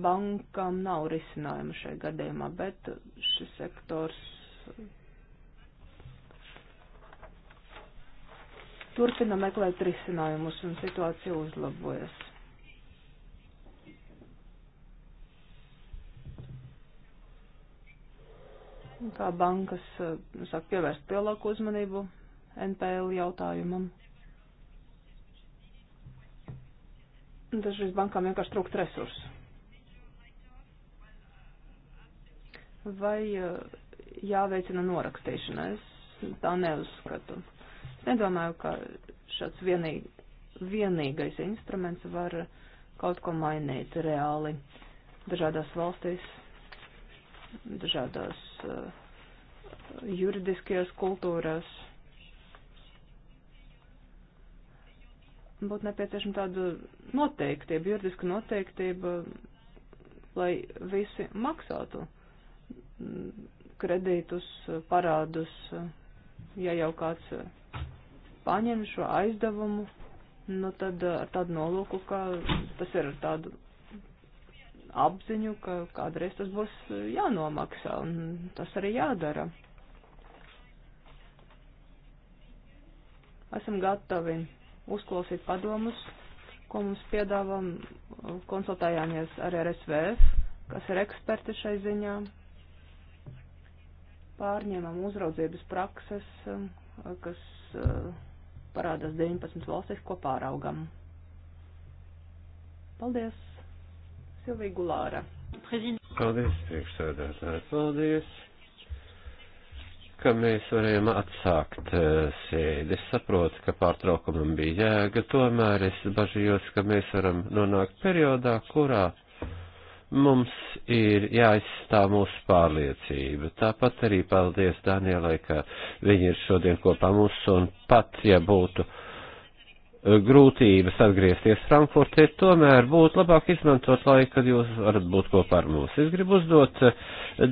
bankām nav risinājuma šai gadījumā, bet šis sektors turpina meklēt risinājumus un situācija uzlabojas. Kā bankas uh, sāk pievērst lielāku uzmanību NPL jautājumam. Dažreiz bankām vienkārši trūkst resursu. Vai eh, jāveicina norakstīšana? Es tā neuzskatu. Es nedomāju, ka šāds vienīgi, vienīgais instruments var kaut ko mainīt reāli dažādās valstīs, dažādās uh, juridiskajās kultūrās būtu nepieciešama tāda noteiktība, juridiska noteiktība, lai visi maksātu kredītus, parādus, ja jau kāds paņem šo aizdevumu, nu tad ar tādu nolūku, ka tas ir ar tādu apziņu, ka kādreiz tas būs jānomaksā, un tas arī jādara. Esam gatavi uzklausīt padomus, ko mums piedāvam, konsultējāmies ar RSVF, kas ir eksperti šai ziņā, pārņēmām uzraudzības prakses, kas e, parādās 19 valstīs, ko pāraugam. Paldies, Silvija Gulāra. Paldies, priekšsēdētāji, paldies ka mēs varējām atsākt eh, sēdi. Es saprotu, ka pārtraukumam bija jēga, tomēr es bažījos, ka mēs varam nonākt periodā, kurā mums ir jāizstāv mūsu pārliecība. Tāpat arī paldies Danielai, ka viņi ir šodien kopā mums un pat, ja būtu eh, grūtības atgriezties Frankfurtē, tomēr būtu labāk izmantot laiku, kad jūs varat būt kopā ar mums. Es gribu uzdot eh,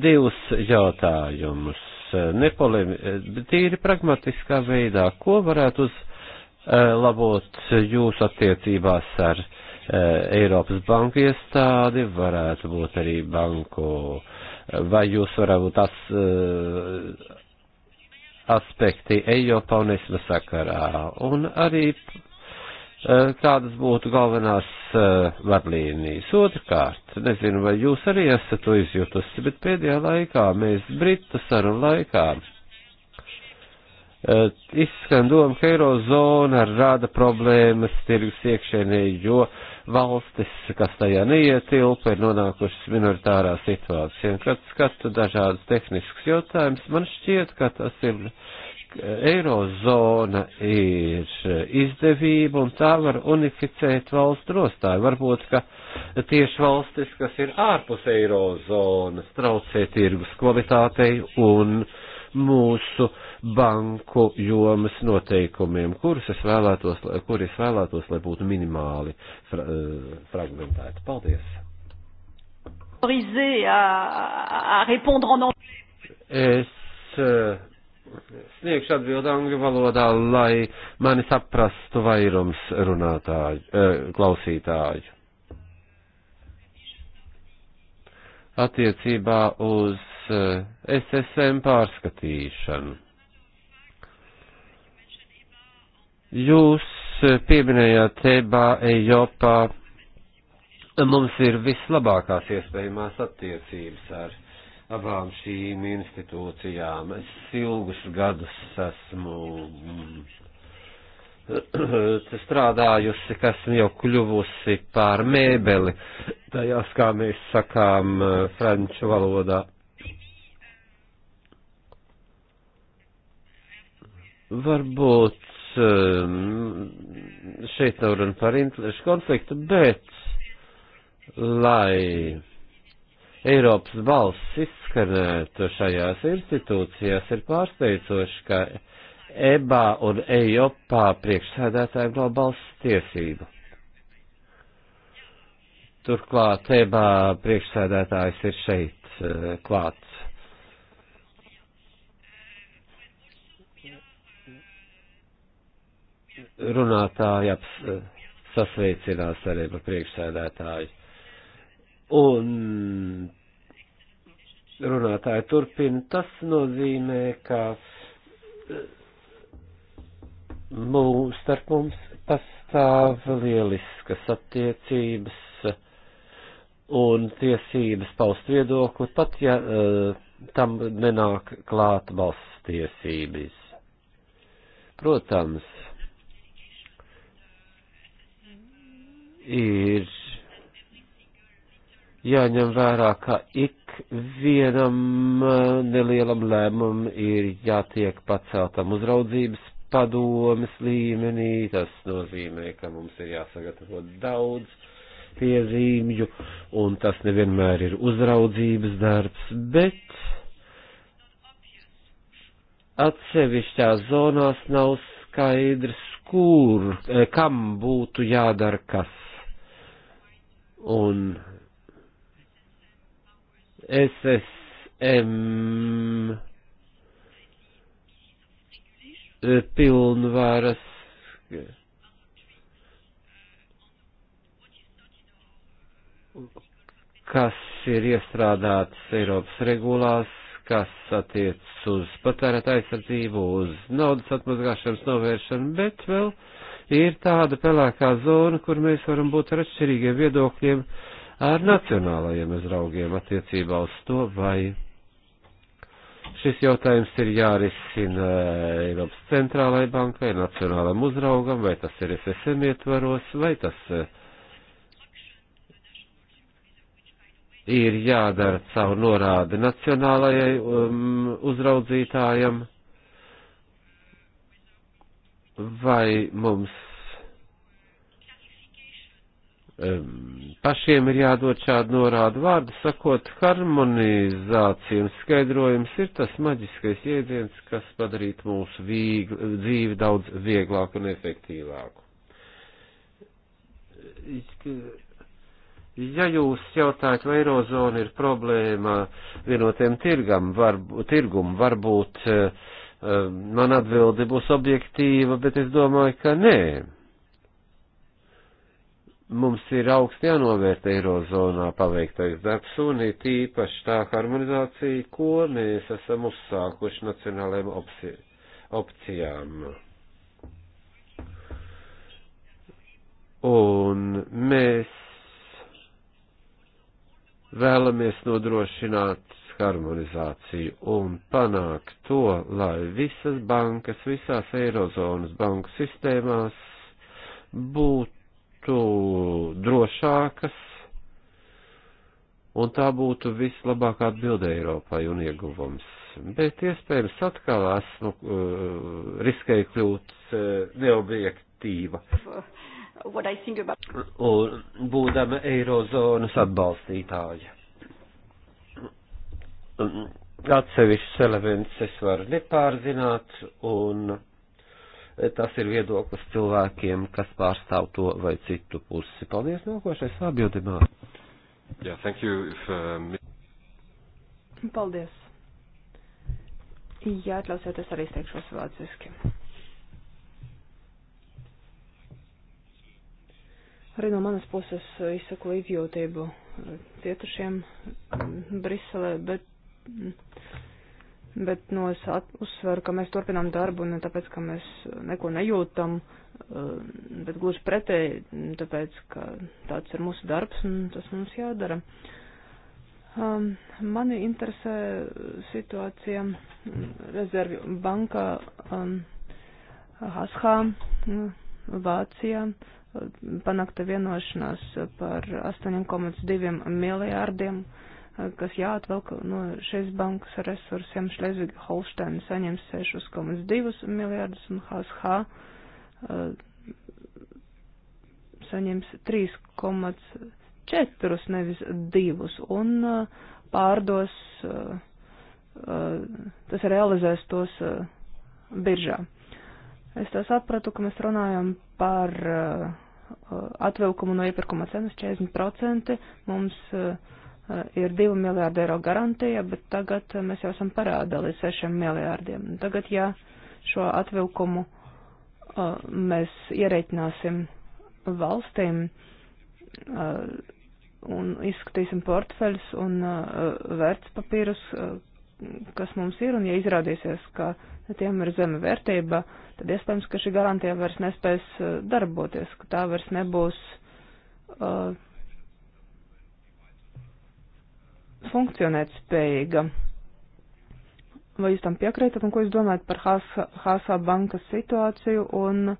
divus jautājumus. Eh, nepolemi, eh, tīri pragmatiskā veidā, ko varētu uzlabot eh, jūsu attiecībās ar Eiropas banku iestādi, varētu būt arī banku, vai jūs varētu tas aspekti Eiropā un esma sakarā, un arī Eh, kādas būtu galvenās eh, vadlīnijas. Otrkārt, nezinu, vai jūs arī esat to izjutusi, bet pēdējā laikā mēs Britu sarunu laikā eh, izskan doma, ka eirozona rada problēmas tirgus iekšēnē, jo valstis, kas tajā neietilpa, ir nonākušas minoritārā situācijā. Un, kad skatu dažādas tehniskas jautājumas, man šķiet, ka tas ir. Uh, Eirozona ir izdevība un tā var unificēt valstu nostāju. Varbūt, ka tieši valstis, kas ir ārpus Eirozonas, traucē tirgus kvalitātei un mūsu banku jomas noteikumiem, kurus es vēlētos, kur es vēlētos, lai būtu minimāli fra eh, fragmentēti. Paldies! à répondre en anglais. Es eh, Sniegšu atbildi angļu valodā, lai mani saprastu vairums runātāju, eh, klausītāju. Attiecībā uz eh, SSM pārskatīšanu. Jūs pieminējāt Tebā, Ejopā. Mums ir vislabākās iespējamās attiecības ar abām šīm institūcijām. Es ilgus gadus esmu mm, strādājusi, ka esmu jau kļuvusi par mēbeli, tajās, kā mēs sakām, eh, franču valodā. Varbūt eh, šeit nav runa par interešu konfliktu, bet lai Eiropas balss izskanēt šajās institūcijās ir pārsteidzoši, ka EBA un EIOPA priekšsēdētājiem nav balss tiesību. Turklāt EBA priekšsēdētājs ir šeit eh, klāts. Runātāji apsasveicinās arī par priekšsēdētāju. Un runātāji turpina, tas nozīmē, ka eh, mums, starp mums pastāv lieliskas attiecības un tiesības paust viedokli, pat ja uh, tam nenāk klāt balss tiesības. Protams, ir jāņem vērā, ka ik vienam uh, nelielam lēmumam ir jātiek paceltam uzraudzības padomes līmenī. Tas nozīmē, ka mums ir jāsagatavo daudz piezīmju, un tas nevienmēr ir uzraudzības darbs, bet atsevišķās zonās nav skaidrs, kur, eh, kam būtu jādara kas. Un SSM eh, pilnvaras, kas ir iestrādātas Eiropas regulās, kas attiec uz patērēt aizsardzību, uz naudas atmazgāšanas novēršanu, bet vēl ir tāda pelēkā zona, kur mēs varam būt ar atšķirīgiem viedokļiem, uh, ar nacionālajiem uzraugiem attiecībā uz to, vai šis jautājums ir jārisina Eiropas centrālajai bankai, nacionālam uzraugam, vai tas ir FSM ietvaros, vai tas eh, ir jādara caur norādi nacionālajai um, uzraudzītājam, vai mums pašiem ir jādod šādu norādu vārdu, sakot, harmonizācija un skaidrojums ir tas maģiskais jēdziens, kas padarītu mūsu viegli, dzīvi daudz vieglāku un efektīvāku. Ja jūs jautājat, vai eirozona ir problēma vienotiem tirgam, var, tirgum, varbūt eh, eh, man atbildi būs objektīva, bet es domāju, ka nē mums ir augsti jānovērtē Eirozonā paveiktais darbs un ir tīpaši tā harmonizācija, ko mēs esam uzsākuši nacionālajām opci opcijām. Un mēs vēlamies nodrošināt harmonizāciju un panākt to, lai visas bankas, visās Eirozonas banku sistēmās būtu būtu drošākas, un tā būtu vislabākā atbilde Eiropai un ieguvums. Bet iespējams atkal esmu uh, riskēju kļūt uh, neobjektīva. About... Un būdama Eirozonas atbalstītāja. Atsevišķus elements es varu nepārzināt, un tas ir viedoklis cilvēkiem, kas pārstāv to vai citu pusi. Paldies, nākošais atbildībā. Yeah, thank you. If, um... Paldies. Jā, atļausiet, es arī steikšos vāciski. Arī no manas puses izsaku līdzjūtību cietušiem Briselē, bet bet no nu, es uzsveru, ka mēs turpinām darbu ne tāpēc, ka mēs neko nejūtam, eh, bet gluži pretēji, mm, tāpēc, ka tāds ir mūsu darbs un tas mums jādara. Um, mani interesē situācija rezervju bankā um, ehm, Hashā, mm, Vācijā, panākta vienošanās par 8,2 miljārdiem. Uh, Eh, kas jāatvelk no šīs bankas resursiem. Šlezviga Holsteina saņems 6,2 miljārdus un HSH eh, saņems 3,4, nevis 2, un eh, pārdos, tas realizēs tos biržā. Es tā sapratu, ka mēs runājam par atvilkumu no iepirkuma cenas 40%. Mums uh, Eh, ir 2 miljārdi eiro garantija, bet tagad eh, mēs jau esam parādā līdz 6 miljārdiem. Tagad, ja šo atvilkumu eh, mēs ierēķināsim valstīm un izskatīsim portfeļus un vērtspapīrus, kas mums ir, un ja izrādīsies, ka tiem ir zema vērtība, tad iespējams, ka šī garantija vairs nespēs darboties, ka tā vairs nebūs uh, funkcionēt spējīga. Vai jūs tam piekrītat un ko jūs domājat par Hāsā bankas situāciju un eh,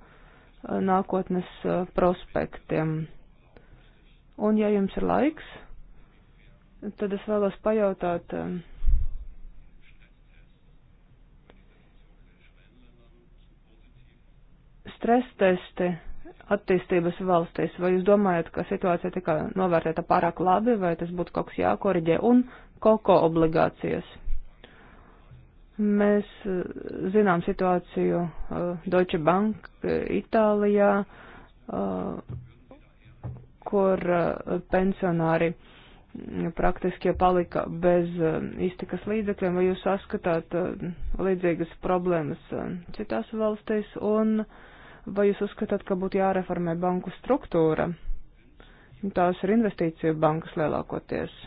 nākotnes eh, prospektiem? Un ja jums ir laiks, tad es vēlos pajautāt. Eh, stress testi attīstības valstīs, vai jūs domājat, ka situācija tika novērtēta pārāk labi, vai tas būtu kaut kas jākoriģē, un koko obligācijas. Mēs eh, zinām situāciju uh, Deutsche Bank eh, Itālijā, uh, kur uh, pensionāri mm, praktiski palika bez iztikas līdzekļiem, vai jūs saskatāt līdzīgas problēmas citās valstīs, un uh, Vai jūs uzskatāt, ka būtu jāreformē banku struktūra? Tās ir investīciju bankas lielākoties.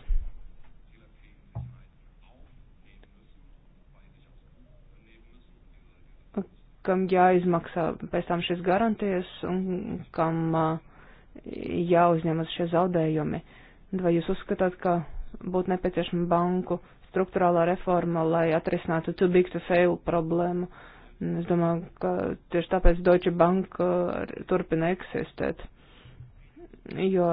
kam jāizmaksā pēc tam šis garantijas un kam jāuzņemas šie zaudējumi. Vai jūs uzskatāt, ka būtu nepieciešama banku struktūrālā reforma, lai atrisinātu too big to fail problēmu? Uh, Es domāju, ka tieši tāpēc Deutsche Bank uh, turpina eksistēt, jo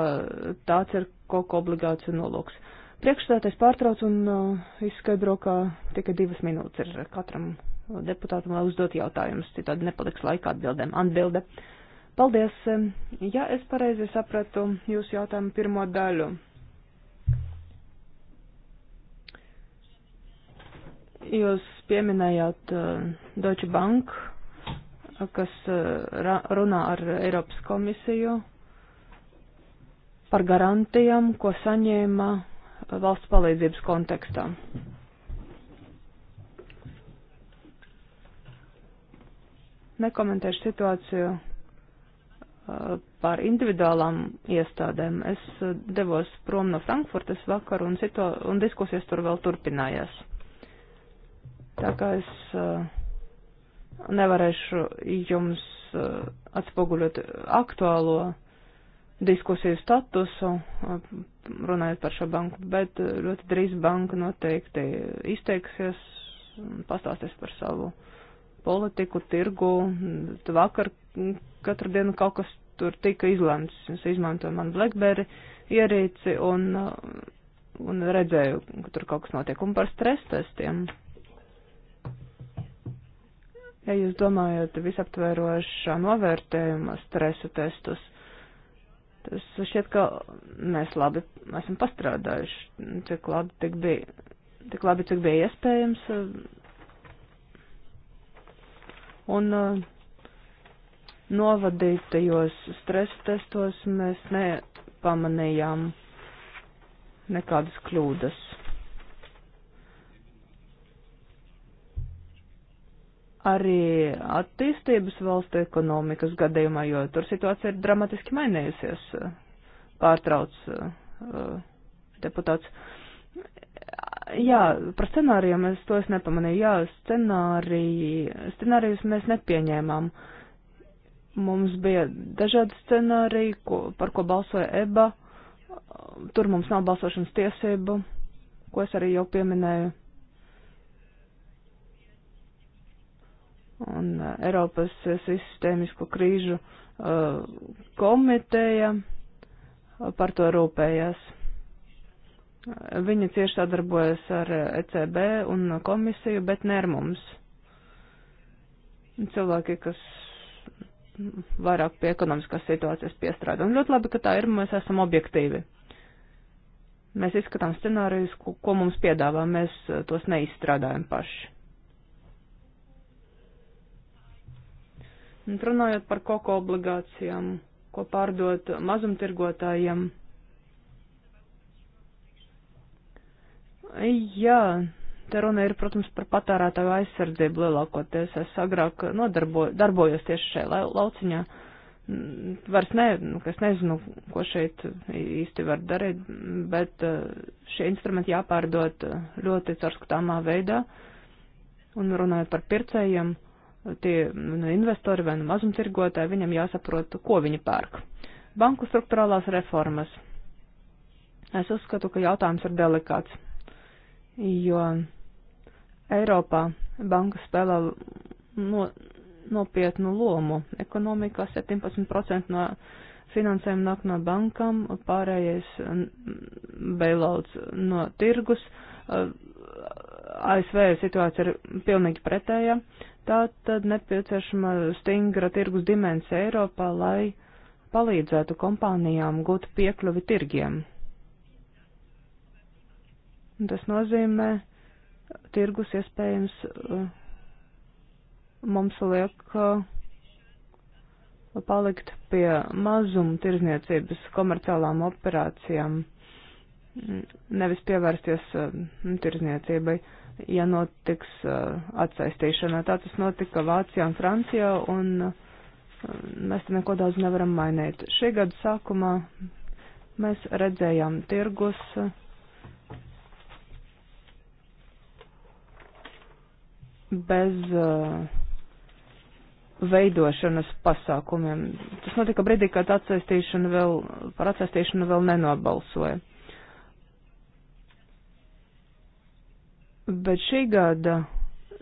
tāds ir kaut ko obligāciju nolūks. Priekšstādātais pārtrauc un uh, izskaidro, ka tikai divas minūtes ir katram deputātam, lai uzdot jautājumus, citādi nepaliks laika atbildēm. Atbilde. Paldies. Um, ja es pareizi sapratu jūsu jautājumu pirmo daļu. Jūs pieminējāt uh, Deutsche Bank, kas uh, runā ar Eiropas komisiju par garantijām, ko saņēma eh, valsts palīdzības kontekstā. Nekomentēšu situāciju uh, par individuālām iestādēm. Es devos prom no Frankfurtes vakar un, un diskusijas tur vēl turpinājās. Tā kā es uh, nevarēšu jums uh, atspoguļot aktuālo diskusiju statusu, uh, runājot par šo banku, bet ļoti drīz banka noteikti izteiksies, pastāstīs par savu politiku, tirgu. Vakar katru dienu kaut kas tur tika izlemts. Es izmantoju manu Blackberry ierīci un, un redzēju, ka tur kaut kas notiek. Un par stres testiem. Ja? Ja jūs domājat visaptverošā novērtējuma stresa testus, tas šķiet, ka mēs labi esam pastrādājuši, cik labi, tik bija, tik labi, cik bija iespējams. Un uh, novadītajos stresa testos mēs nepamanījām nekādas kļūdas. arī attīstības valstu ekonomikas gadījumā, jo tur situācija ir dramatiski mainījusies, pārtrauc uh, deputāts. Jā, par scenārijiem es to es nepamanīju. Jā, scenāriji, scenārijus mēs nepieņēmām. Mums bija dažādi scenāriji, ko, par ko balsoja EBA. Tur mums nav balsošanas tiesību, ko es arī jau pieminēju un uh, Eiropas sistēmisko krīžu uh, komiteja uh, par to rūpējās. Viņa cieši sadarbojas ar ECB un komisiju, bet ne ar mums. Cilvēki, kas vairāk pie ekonomiskās situācijas piestrādā. Un ļoti labi, ka tā ir, mēs esam objektīvi. Mēs izskatām scenārijus, ko, ko mums piedāvā, mēs tos neizstrādājam paši. Un runājot par koko obligācijām, ko pārdot mazumtirgotājiem. Jā, te runa ir, protams, par patērētāju aizsardzību lielākoties. Es agrāk nodarbojos tieši šajā lauciņā. Mm, vairs ne, nu, es nezinu, ko šeit īsti var darīt, bet eh, šie instrumenti jāpārdot eh, ļoti caurskatāmā veidā. Un runājot par pircējiem, tie nu, investori vai nu, mazumtirgotāji, viņam jāsaprot, ko viņi pērk. Banku struktūrālās reformas. Es uzskatu, ka jautājums ir delikāts, jo Eiropā banka spēlē no, nopietnu lomu. Ekonomikā 17% no finansējuma nāk no bankām, pārējais beilauts no tirgus. ASV situācija ir pilnīgi pretēja. Uh, Tā tad nepieciešama stingra tirgus dimensija Eiropā, lai palīdzētu kompānijām gūt piekļuvi tirgiem. Tas nozīmē, tirgus iespējams uh, mums liek uh, palikt pie mazuma tirzniecības komerciālām operācijām, mm, nevis pievērsties uh, tirzniecībai. Uh, ja notiks uh, atsaistīšana. Tā tas notika Vācijā un Francijā, un uh, mēs te neko daudz nevaram mainīt. Šī gada sākumā mēs redzējām tirgus. Bez uh, veidošanas pasākumiem. Tas notika brīdī, kad atsaistīšana vēl, par atsaistīšanu vēl nenobalsoja. bet šī gada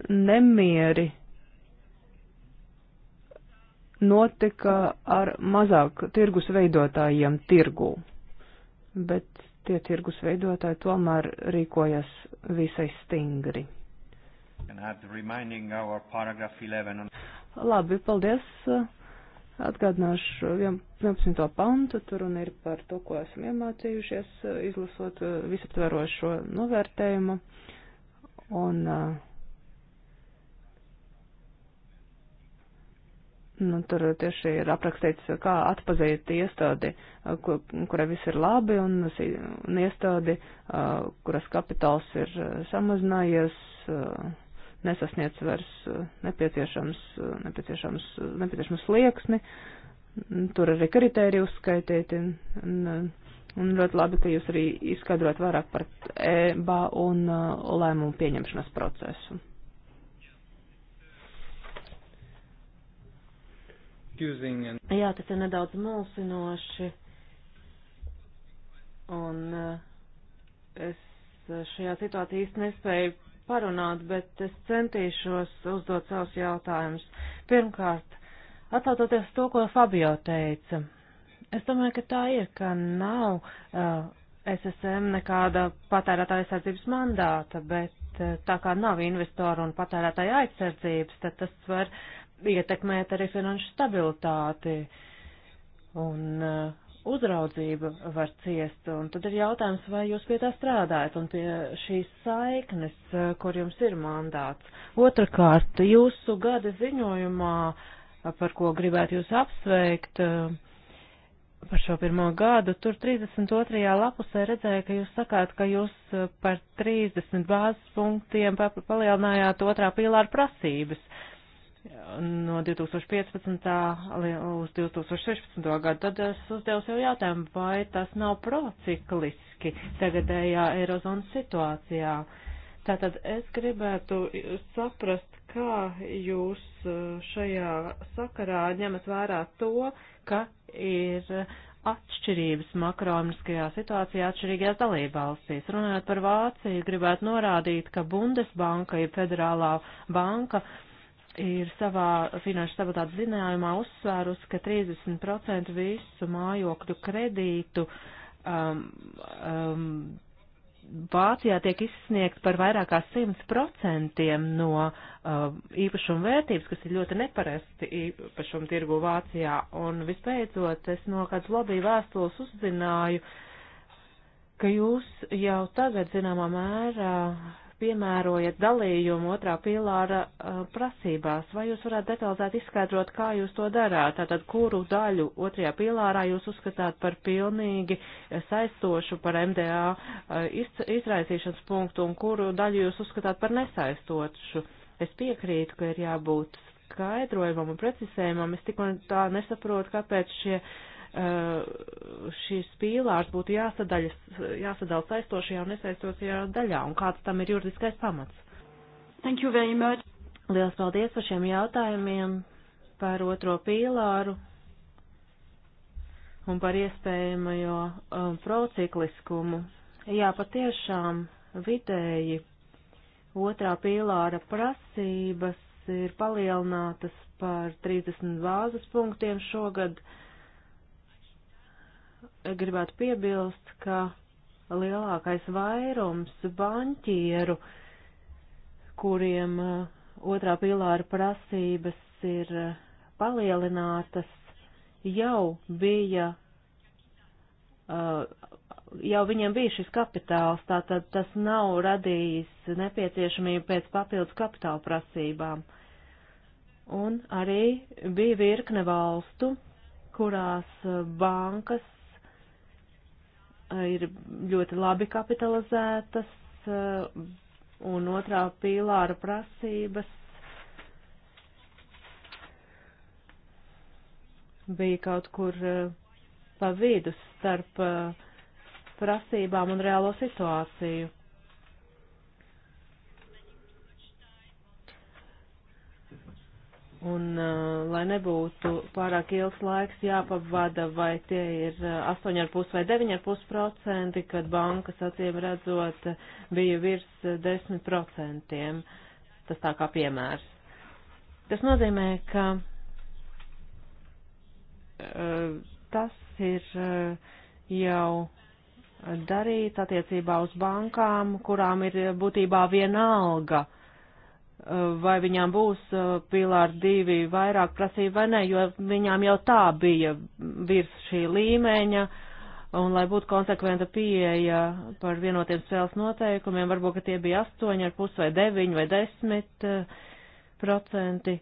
nemieri notika ar mazāk tirgus veidotājiem tirgū, bet tie tirgus veidotāji tomēr rīkojas visai stingri. Labi, paldies. Atgādināšu 11. pantu, tur un ir par to, ko esam iemācījušies, izlasot visaptverošo novērtējumu. Un, uh, nu, tur tieši ir aprakstīts, kā atpazīt iestādi, uh, kur, kurai viss ir labi, un, un iestādi, uh, kuras kapitāls ir samazinājies, nesasniedz vairs nepieciešams, nepieciešams, nepieciešams slieksni. Tur arī kriteriju uzskaitīti. Un, un, Un ļoti labi, ka jūs arī izskaidrot vairāk par EBA un uh, lēmumu pieņemšanas procesu. Jā, tas ir nedaudz mulsinoši. Un uh, es uh, šajā situācijā īsti nespēju parunāt, bet es centīšos uzdot savus jautājumus. Pirmkārt, atsaucoties to, ko Fabio teica Es domāju, ka tā ir, ka nav uh, SSM nekāda patērētāja aizsardzības mandāta, bet uh, tā kā nav investoru un patērētāja aizsardzības, tad tas var ietekmēt arī finanšu stabilitāti un uh, uzraudzība var ciest. Un tad ir jautājums, vai jūs pie tā strādājat un pie šīs saiknes, uh, kur jums ir mandāts. Otrakārt, jūsu gada ziņojumā, uh, par ko gribētu jūs apsveikt, uh, par šo pirmo gadu, tur 32. lapusē redzēja, ka jūs sakāt, ka jūs eh, par 30 bāzes punktiem palielinājāt otrā pīlāra prasības eh, no 2015. uz 2016. gadu. Tad es uzdevu sev jautājumu, vai tas nav procikliski tagadējā Eirozonas situācijā. Tātad es gribētu saprast, kā jūs uh, šajā sakarā ņemat vērā to, ka ir atšķirības makroekonomiskajā situācijā atšķirīgajās dalībvalstīs. Runājot par Vāciju, gribētu norādīt, ka Bundesbanka, ja federālā banka, ir savā finanšu sabatātas zinājumā uzsvērusi, ka 30% visu mājokļu kredītu um, um, Vācijā tiek izsniegt par vairāk kā 100% no uh, īpašuma vērtības, kas ir ļoti neparasti īpašuma tirgu Vācijā. Un visbeidzot, es no kādas lobby vēstules uzzināju, ka jūs jau tagad zināmā mērā piemērojat dalījumu otrā pīlāra uh, prasībās. Vai jūs varētu detalizēt izskaidrot, kā jūs to darāt? Tātad, kuru daļu otrajā pīlārā jūs uzskatāt par pilnīgi saistošu par MDA uh, izraisīšanas punktu un kuru daļu jūs uzskatāt par nesaistošu? Es piekrītu, ka ir jābūt skaidrojumam un precizējumam. Es tik un tā nesaprotu, kāpēc šie uh, Uh, šīs pīlārs būtu jāsadaļas, jāsadala saistošajā un nesaistošajā daļā, un kāds tam ir juridiskais pamats. Thank you very much. Lielas paldies par šiem jautājumiem, par otro pīlāru un par iespējamajo um, procikliskumu. Jā, patiešām vidēji otrā pīlāra prasības ir palielinātas par 30 vāzes punktiem šogad. Uh, gribētu piebilst, ka lielākais vairums banķieru, kuriem uh, otrā pilāra prasības ir uh, palielinātas, jau bija, uh, jau viņiem bija šis kapitāls, tātad tas nav radījis nepieciešamību pēc papildus kapitāla prasībām. Un arī bija virkne valstu, kurās bankas ir ļoti labi kapitalizētas, eh, un otrā pīlāra prasības bija kaut kur eh, pa vidus starp eh, prasībām un reālo situāciju. Un, uh, lai nebūtu pārāk ilgs laiks jāpavada, vai tie ir 8,5 uh, vai 9,5 procenti, kad bankas acīm redzot bija virs 10 uh, procentiem. Tas tā kā piemērs. Tas nozīmē, ka uh, tas ir uh, jau darīts attiecībā uz bankām, kurām ir uh, būtībā viena alga. Uh, vai viņām būs uh, pilāri divi vairāk prasība vai nē, jo viņām jau tā bija virs šī līmeņa. Un, lai būtu konsekventa pieeja par vienotiem spēles noteikumiem, varbūt, ka tie bija 8,5 vai 9 vai 10 uh, procenti.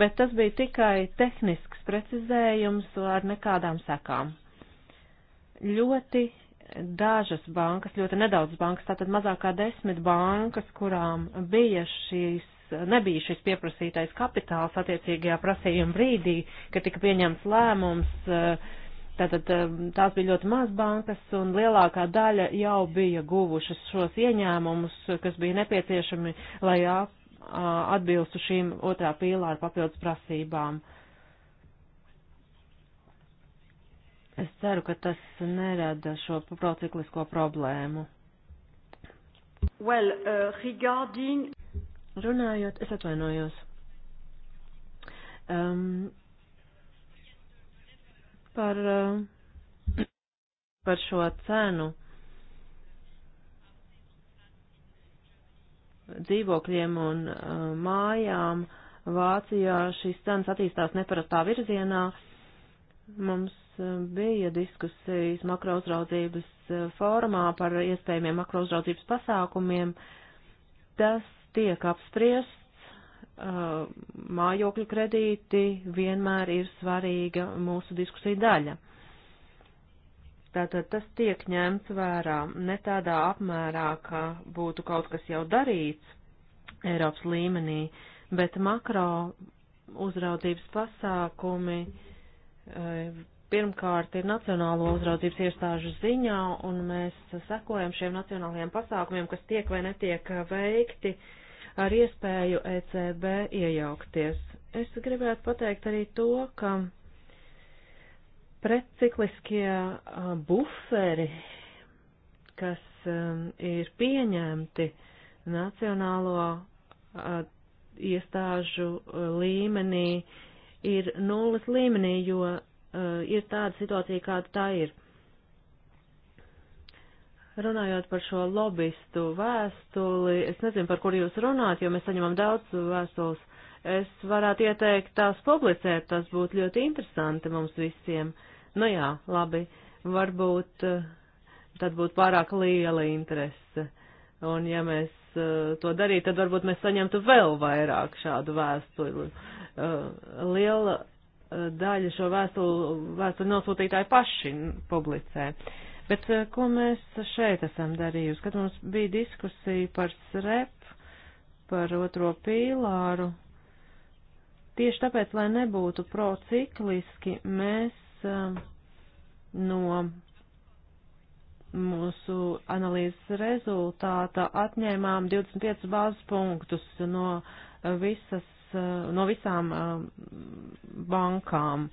Bet tas bija tikai tehnisks precizējums ar nekādām sekām. Ļoti dažas bankas, ļoti nedaudz bankas, tātad mazāk kā desmit bankas, kurām bija šīs, nebija šis pieprasītais kapitāls attiecīgajā prasījuma brīdī, kad tika pieņemts lēmums, eh, tātad eh, tās bija ļoti maz bankas, un lielākā daļa jau bija guvušas šos ieņēmumus, kas bija nepieciešami, lai atbilstu šīm otrā pīlāra papildus prasībām. Uh, Es ceru, ka tas nerada šo prociklisko problēmu. Well, uh, regarding... Runājot, es atvainojos. Um, par, uh, par šo cenu dzīvokļiem un uh, mājām Vācijā šīs cenas attīstās neparastā virzienā. Mums bija diskusijas makrouzraudzības eh, fórumā par iespējamiem makrouzraudzības pasākumiem. Tas tiek apspriests. Eh, mājokļu kredīti vienmēr ir svarīga mūsu diskusija daļa. Tātad tas tiek ņemts vērā ne tādā apmērā, ka būtu kaut kas jau darīts Eiropas līmenī, bet makro uzraudzības pasākumi eh, pirmkārt ir Nacionālo uzraudzības iestāžu ziņā, un mēs sekojam šiem nacionālajiem pasākumiem, kas tiek vai netiek veikti ar iespēju ECB iejaukties. Es gribētu pateikt arī to, ka pretcikliskie buferi, kas ir pieņemti Nacionālo iestāžu līmenī, ir nulles līmenī, jo uh, ir tāda situācija, kāda tā ir. Runājot par šo lobistu vēstuli, es nezinu, par kur jūs runāt, jo mēs saņemam daudz vēstules. Es varētu ieteikt tās publicēt, tas būtu ļoti interesanti mums visiem. Nu jā, labi, varbūt eh, tad būtu pārāk liela interese. Un ja mēs eh, to darītu, tad varbūt mēs saņemtu vēl vairāk šādu vēstuļu. Liela daļa šo vēstuli, vēstuli nosūtītāji paši publicē. Bet eh, ko mēs šeit esam darījusi? Kad mums bija diskusija par SREP, par otro pīlāru, tieši tāpēc, lai nebūtu procikliski, mēs eh, no mūsu analīzes rezultātā atņēmām 25 bāzes punktus no visas Eh, no visām eh, bankām.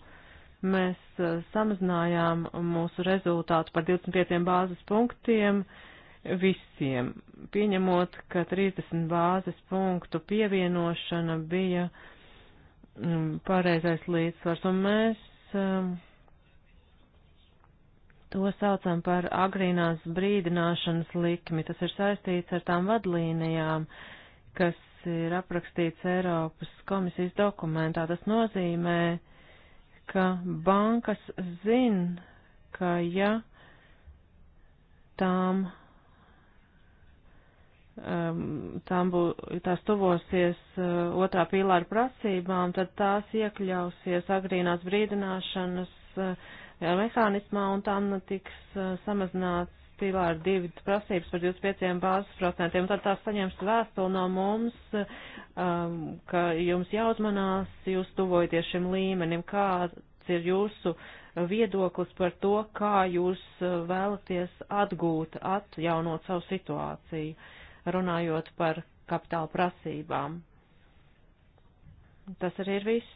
Mēs eh, samazinājām mūsu rezultātu par 25 bāzes punktiem visiem, pieņemot, ka 30 bāzes punktu pievienošana bija mm, pareizais līdzsvars, un mēs to saucam par agrīnās brīdināšanas likmi. Tas ir saistīts ar tām vadlīnijām, kas ir aprakstīts Eiropas komisijas dokumentā. Tas nozīmē, ka bankas zin, ka ja tām, um, tām bū, tās tuvosies uh, otrā pīlāra prasībām, tad tās iekļausies agrīnās brīdināšanas uh, mehānismā un tam tiks uh, samazināts pilāra divi prasības par 25 bāzes procentiem. Tad tās saņems vēstuli no mums, um, ka jums jāuzmanās, jūs tuvojaties šim līmenim, kāds ir jūsu viedoklis par to, kā jūs uh, vēlaties atgūt, atjaunot savu situāciju, runājot par kapitāla prasībām. Tas arī ir viss.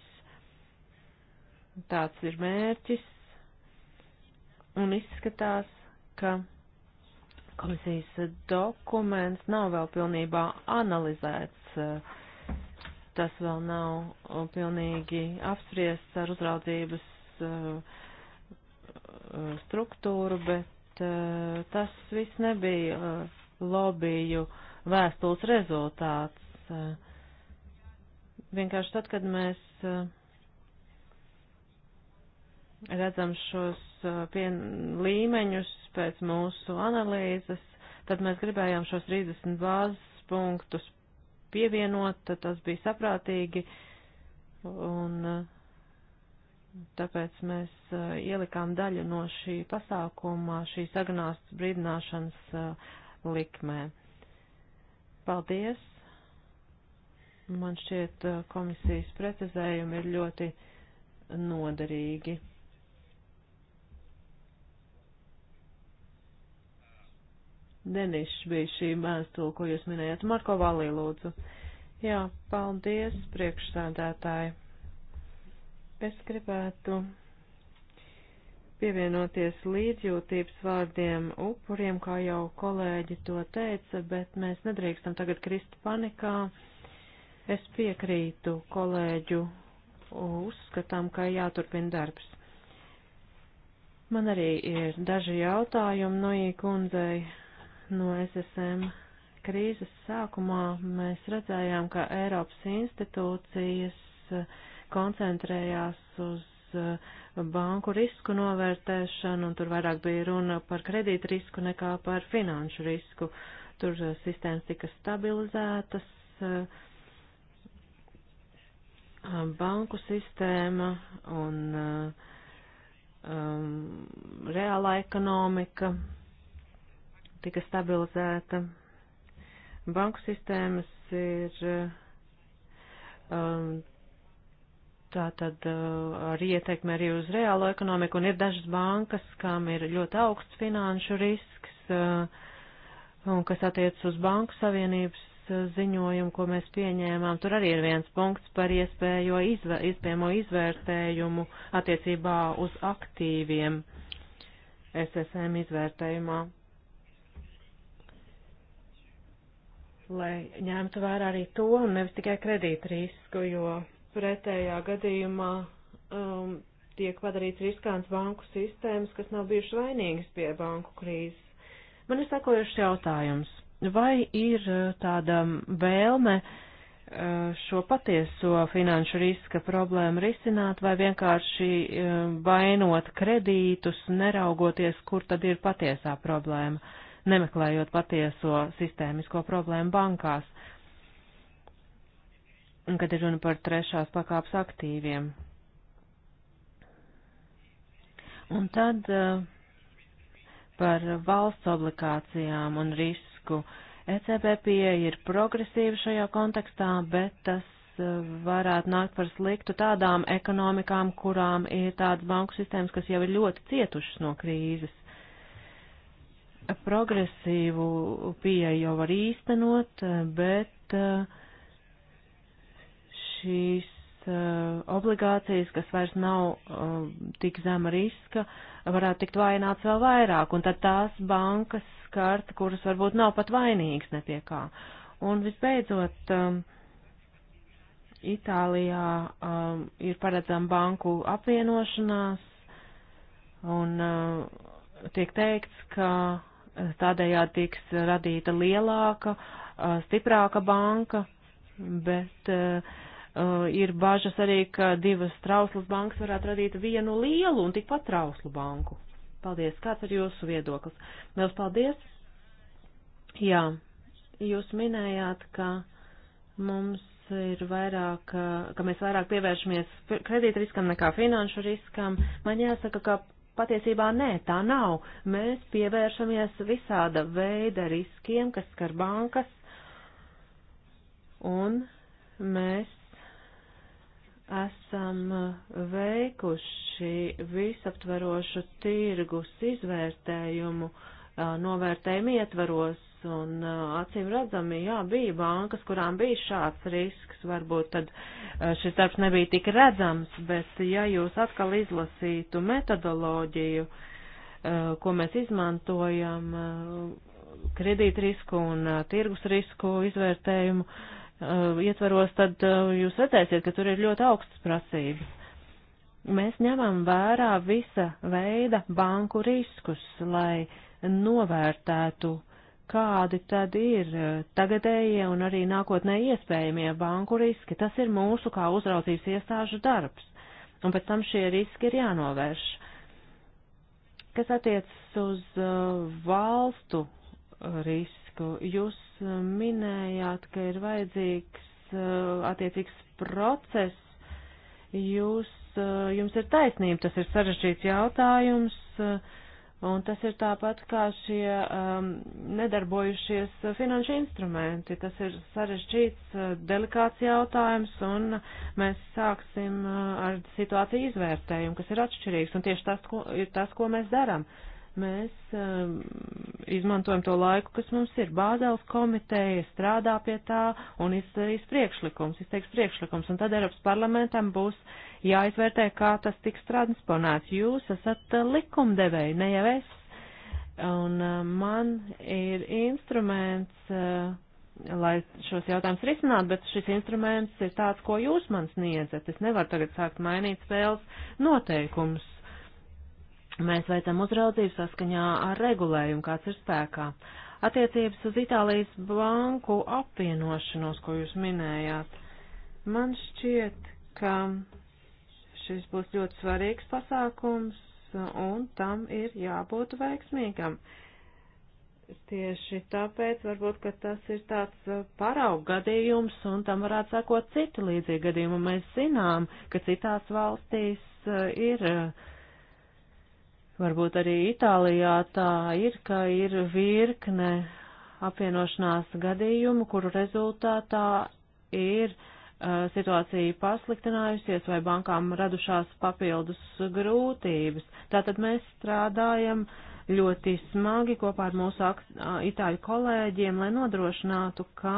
Tāds ir mērķis. Un izskatās, ka Komisijas dokuments nav vēl pilnībā analizēts. Tas vēl nav pilnīgi apspriests ar uzraudzības eh, struktūru, bet eh, tas viss nebija eh, lobiju vēstules rezultāts. Vienkārši tad, kad mēs redzam šos Uh, pien, līmeņus pēc mūsu analīzes, tad mēs gribējām šos 30 bāzes punktus pievienot, tad tas bija saprātīgi, un uh, tāpēc mēs uh, ielikām daļu no šī pasākuma, šī sagnās brīdināšanas likmē. Paldies! Man šķiet, komisijas precizējumi ir ļoti noderīgi. Denišs bija šī mēstula, ko jūs minējat. Marko Valī, lūdzu. Jā, paldies, priekšsādātāji. Es gribētu pievienoties līdzjūtības vārdiem upuriem, kā jau kolēģi to teica, bet mēs nedrīkstam tagad krist panikā. Es piekrītu kolēģu uzskatām, ka jāturpina darbs. Man arī ir daži jautājumi no īkundzei no SSM krīzes sākumā mēs redzējām, ka Eiropas institūcijas eh, koncentrējās uz eh, banku risku novērtēšanu, un tur vairāk bija runa par kredīt risku nekā par finanšu risku. Tur eh, sistēmas tika stabilizētas, banku sistēma un um, reāla ekonomika tika stabilizēta. Banku sistēmas ir um, tā tad uh, ar ietekmi arī uz reālo ekonomiku, un ir dažas bankas, kam ir ļoti augsts finanšu risks, uh, un kas attiecas uz Banku Savienības uh, ziņojumu, ko mēs pieņēmām. Tur arī ir viens punkts par iespējo izvē, iespējamo izvērtējumu attiecībā uz aktīviem SSM izvērtējumā. lai ņemtu vērā arī to un nevis tikai kredīt risku, jo pretējā gadījumā um, tiek padarīts riskants banku sistēmas, kas nav bijušas vainīgas pie banku krīzes. Man ir sakojušs jautājums. Vai ir uh, tāda vēlme uh, šo patieso finanšu riska problēmu risināt vai vienkārši uh, vainot kredītus, neraugoties, kur tad ir patiesā problēma? nemeklējot patieso sistēmisko problēmu bankās, un kad ir runa par trešās pakāps aktīviem. Un tad eh, par valsts obligācijām un risku. ECB pieeja ir progresīva šajā kontekstā, bet tas eh, varētu nākt par sliktu tādām ekonomikām, kurām ir tādas banku sistēmas, kas jau ir ļoti cietušas no krīzes progresīvu pieeju jau var īstenot, bet eh, šīs eh, obligācijas, kas vairs nav eh, tik zema riska, varētu tikt vaināts vēl vairāk, un tad tās bankas skarta, kuras varbūt nav pat vainīgas nepiekā. Un visbeidzot, Itālijā ir paredzama banku apvienošanās, un tiek teikts, ka Tādējādi tiks radīta lielāka, stiprāka banka, bet ir bažas arī, ka divas trauslas bankas varētu radīt vienu lielu un tikpat trauslu banku. Paldies. Kāds ir jūsu viedoklis? Liels paldies. Jā, jūs minējāt, ka mums ir vairāk, ka mēs vairāk pievēršamies kredīta riskam nekā finanšu riskam. Man jāsaka, ka Patiesībā nē, tā nav. Mēs pievēršamies visāda veida riskiem, kas skar bankas, un mēs esam veikuši visaptverošu tirgus izvērtējumu novērtējumu ietvaros, un uh, acīm redzami, jā, bija bankas, kurām bija šāds risks, varbūt tad uh, šis darbs nebija tik redzams, bet ja jūs atkal izlasītu metodoloģiju, uh, ko mēs izmantojam, kredītrisku un tirgus risku izvērtējumu ietvaros, tad jūs redzēsiet, ka tur ir ļoti augstas prasības mēs ņemam vērā visa veida banku riskus, lai novērtētu kādi tad ir e, tagadējie un arī nākotnē iespējamie banku riski. Tas ir mūsu kā uzraudzības iestāžu darbs, un pēc tam šie riski ir jānovērš. Kas attiecas uz e, valstu e, risku, jūs minējāt, ka ir vajadzīgs attiecīgs process. Jūs, jums ir taisnība, tas ir sarežģīts jautājums. Uh, Un tas ir tāpat kā šie um, nedarbojušies finanšu instrumenti. Tas ir sarežģīts, uh, delikāts jautājums, un mēs sāksim uh, ar situāciju izvērtējumu, kas ir atšķirīgs, un tieši tas, ko, ir tas, ko mēs darām. Uh, mēs um, izmantojam to laiku, kas mums ir. Bāzēls komiteja strādā pie tā un izdarīs priekšlikums, izteiks priekšlikums, un tad Eiropas parlamentam būs jāizvērtē, kā tas tiks transponēts. Jūs esat uh, likumdevēji, ne jau es. Un uh, man ir instruments, uh, lai šos jautājumus risinātu, bet šis instruments ir tāds, ko jūs man sniedzat. Es nevaru tagad sākt mainīt spēles noteikumus Mēs veicam uzraudzību saskaņā ar regulējumu, kāds ir spēkā. Attiecības uz Itālijas banku apvienošanos, ko jūs minējāt, man šķiet, ka šis būs ļoti svarīgs pasākums un tam ir jābūt veiksmīgam. Tieši tāpēc varbūt, ka tas ir tāds paraugu gadījums un tam varētu sakot citi līdzīgi gadījumi. Mēs zinām, ka citās valstīs ir uh, Varbūt arī Itālijā tā ir, ka ir virkne apvienošanās gadījumu, kuru rezultātā ir uh, situācija pasliktinājusies vai bankām radušās papildus grūtības. Tātad mēs strādājam ļoti smagi kopā ar mūsu itāļu kolēģiem, lai nodrošinātu, ka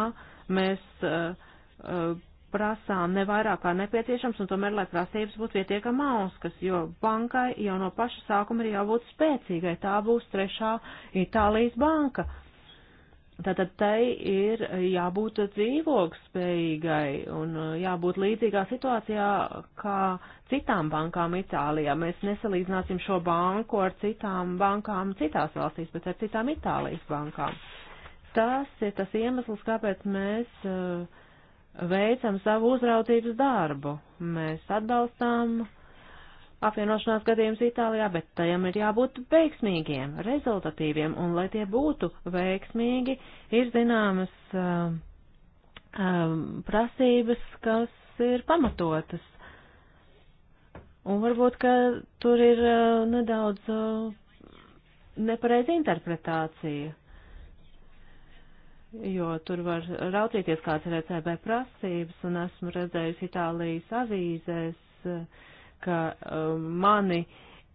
mēs uh, uh, prasām ne vairāk kā nepieciešams, un tomēr, lai prasības būtu pietiekami auskas, jo bankai jau no paša sākuma ir jābūt spēcīgai. Tā būs trešā Itālijas banka. Tātad tai ir jābūt dzīvokspējīgai un uh, jābūt līdzīgā situācijā kā citām bankām Itālijā. Mēs nesalīdzināsim šo banku ar citām bankām citās valstīs, bet ar citām Itālijas bankām. Tas ir tas iemesls, kāpēc mēs uh, veicam savu uzraudzības darbu. Mēs atbalstām apvienošanās gadījumus Itālijā, bet tajam ir jābūt veiksmīgiem, rezultatīviem, un lai tie būtu veiksmīgi, ir zināmas um, um prasības, kas ir pamatotas. Un varbūt, ka tur ir uh, nedaudz uh, nepareiza interpretācija jo tur var raucīties kāds ir ECB prasības, un esmu redzējusi Itālijas avīzēs, ka um, mani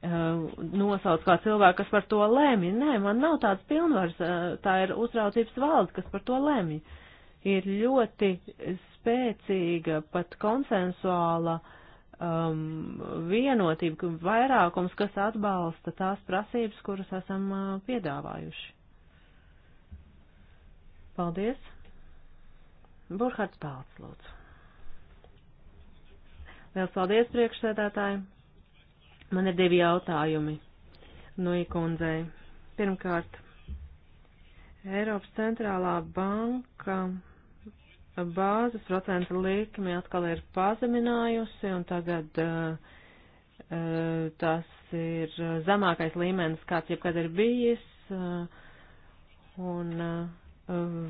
um, nosauc kā cilvēku, kas par to lemj. Nē, man nav tāds pilnvars, uh, tā ir uzraucības valde, kas par to lemj. Ir ļoti spēcīga, pat konsensuāla um, vienotība, vairākums, kas atbalsta tās prasības, kuras esam uh, piedāvājuši. Paldies. Burhards Balts, lūdzu. Liels paldies priekšsēdētāji. Man ir divi jautājumi no nu, ikundzei. Pirmkārt, Eiropas centrālā banka bāzes procentu likmi atkal ir pazeminājusi un tagad uh, tas ir zemākais līmenis, kāds jebkad ir bijis. Uh, un uh,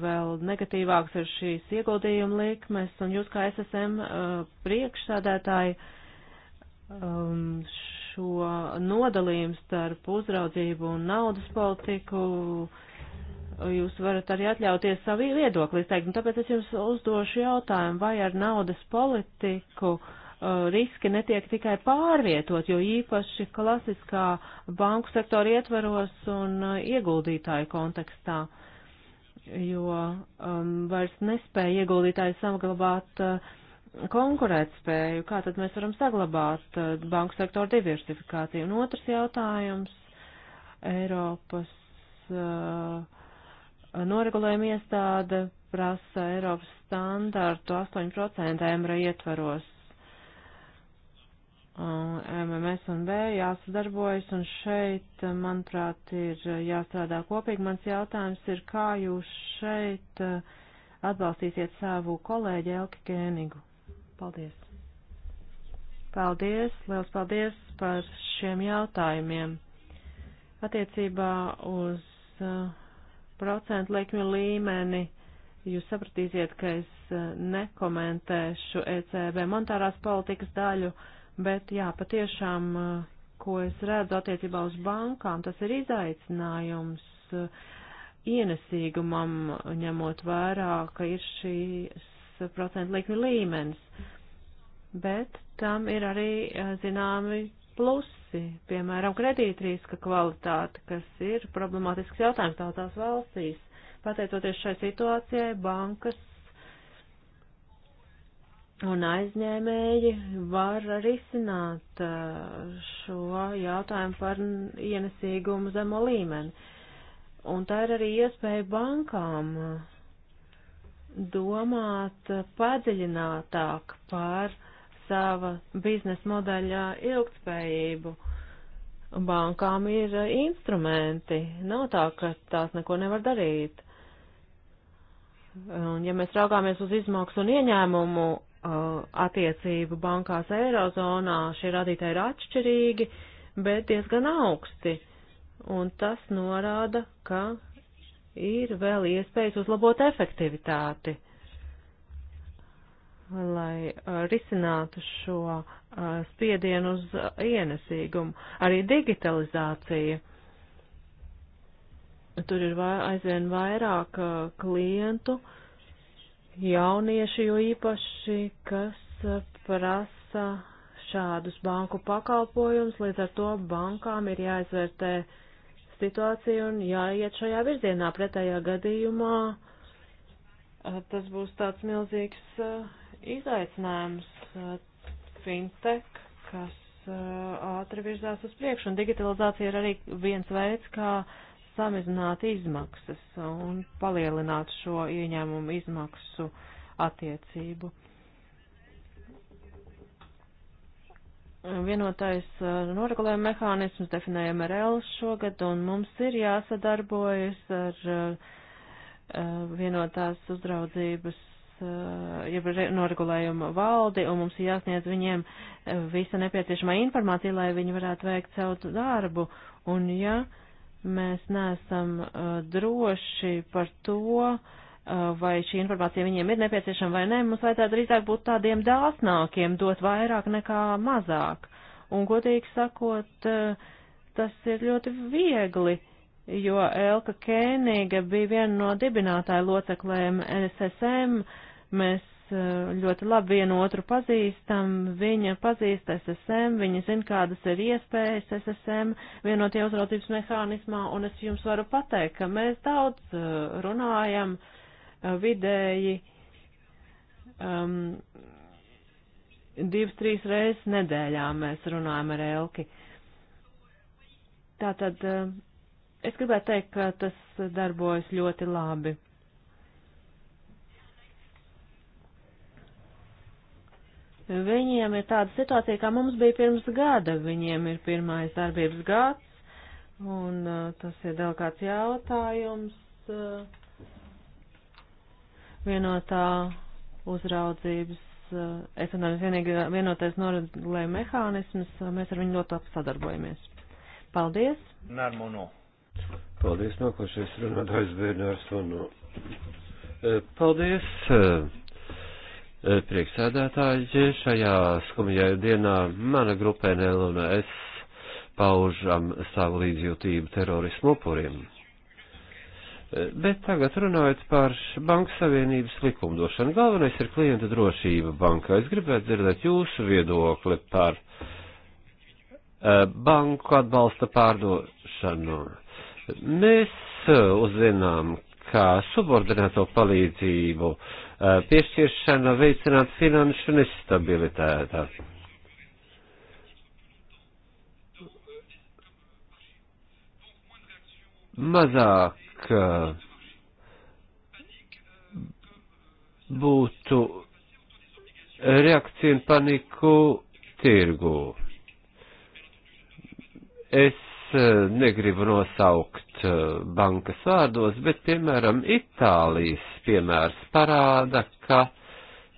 vēl negatīvāks ir šīs ieguldījuma likmes, un jūs kā SSM uh, priekšsādētāji um, šo nodalījumu starp uzraudzību un naudas politiku jūs varat arī atļauties savu viedokli izteikt, un tāpēc es jums uzdošu jautājumu, vai ar naudas politiku uh, riski netiek tikai pārvietot, jo īpaši klasiskā banku sektora ietvaros un uh, ieguldītāju kontekstā. Uh, jo um, vairs nespēja ieguldītāji saglabāt uh, konkurētspēju. Kā tad mēs varam saglabāt uh, banku sektoru diversifikāciju? Un otrs jautājums - Eiropas uh, noregulējuma iestāde prasa Eiropas standārtu 8% emra ietvaros. Uh, MMS un B jāsadarbojas, un šeit, uh, manuprāt, ir uh, jāstrādā kopīgi. Mans jautājums ir, kā jūs šeit atbalstīsiet savu kolēģi Elki Kēnigu? Paldies! Paldies! Liels paldies par šiem jautājumiem! Attiecībā uz procentu likmju līmeni jūs sapratīsiet, ka es nekomentēšu ECB monetārās politikas daļu. Uh, Bet jā, patiešām, eh, ko es redzu attiecībā uz bankām, tas ir izaicinājums eh, ienesīgumam, ņemot vērā, ka ir šīs procentu likmi līmenis. Bet tam ir arī eh, zināmi plusi, piemēram, kredītriska kvalitāte, kas ir problemātisks jautājums daudzās valstīs. Pateicoties šai situācijai, bankas un aizņēmēji var risināt uh, šo jautājumu par ienesīgumu zemo līmeni. Un tā ir arī iespēja bankām domāt padziļinātāk par sava biznesa modeļa ilgtspējību. Bankām ir instrumenti, nav tā, ka tās neko nevar darīt. Un, ja mēs raugāmies uz izmaksu un ieņēmumu Uh, attiecību bankās Eirozonā šie radītāji ir atšķirīgi, bet diezgan augsti. Un tas norāda, ka ir vēl iespējas uzlabot efektivitāti, lai uh, risinātu šo uh, spiedienu uz ienesīgumu. Arī digitalizācija tur ir vai, aizvien vairāk uh, klientu, jaunieši, jo īpaši, kas prasa šādus banku pakalpojumus, līdz ar to bankām ir jāizvērtē situācija un jāiet šajā virzienā. Pretējā gadījumā tas būs tāds milzīgs izaicinājums fintech, kas ātri virzās uz priekšu, un digitalizācija ir arī viens veids, kā uh, samazināt izmaksas un palielināt šo ieņēmumu izmaksu attiecību. Vienotais uh, noregulējuma mehānisms definēja MRL šogad, un mums ir jāsadarbojas ar uh, uh, vienotās uzraudzības, jeb noregulējuma valdi, un mums ir jāsniedz viņiem visa nepieciešamā informācija, lai viņi varētu veikt savu darbu. Un, ja, uh, Mēs neesam uh, droši par to, uh, vai šī informācija viņiem ir nepieciešama vai nē. Mums vajadzētu drīzāk būt tādiem dāsnākiem, dot vairāk nekā mazāk. Un, godīgi sakot, uh, tas ir ļoti viegli jo Elka Kēniga bija viena no dibinātāja loceklēm NSSM. Mēs Eh, ļoti labi vienu otru pazīstam, viņa pazīst SSM, viņa zina, kādas ir iespējas SSM vienotie no uzraudzības mehānismā, un es jums varu pateikt, ka mēs daudz eh, runājam eh, vidēji um, divas, trīs reizes nedēļā mēs runājam ar Elki. Tātad es gribētu teikt, ka tas darbojas ļoti labi. Viņiem ir tāda situācija, kā mums bija pirms gada. Viņiem ir pirmais darbības gads, un uh, tas ir delikāts jautājums. Uh, vienotā uzraudzības, uh, es un arī vienīgi vienotais noredzē mehānisms, mēs ar viņu ļoti labi sadarbojamies. Paldies! Nārmono. Paldies, nākošais runātājs Bērnārs Vano. Eh, paldies! Eh, Eh, priekšsēdētāji. Šajā skumjā dienā mana grupē Nel un es paužam savu līdzjūtību terorismu upuriem. Eh, bet tagad runājot par Banku Savienības likumdošanu, galvenais ir klienta drošība bankā. Es gribētu dzirdēt jūsu viedokli par eh, banku atbalsta pārdošanu. Mēs uzzinām, ka subordinēto palīdzību uh, Eh, piešķiršana veicinātu finanšu nestabilitāti. Mazāk eh, būtu reakcija un paniku tirgū. Es Eh, negribu nosaukt eh, bankas vārdos, bet, piemēram, Itālijas piemērs parāda, ka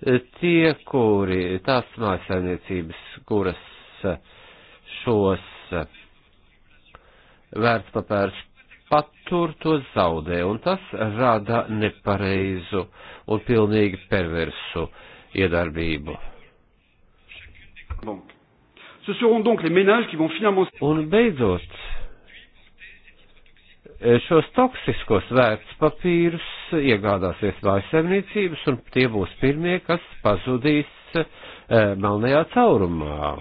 eh, tie, kuri tās mājasainiecības, kuras šos vērtspapērus patur, to zaudē, un tas rada nepareizu un pilnīgi perversu iedarbību. Lūk. Ce seront donc les ménages qui vont finalement... Un beidzot, šos toksiskos vērts papīrus iegādāsies mājasemniecības un tie būs pirmie, kas pazudīs e, melnajā caurumā.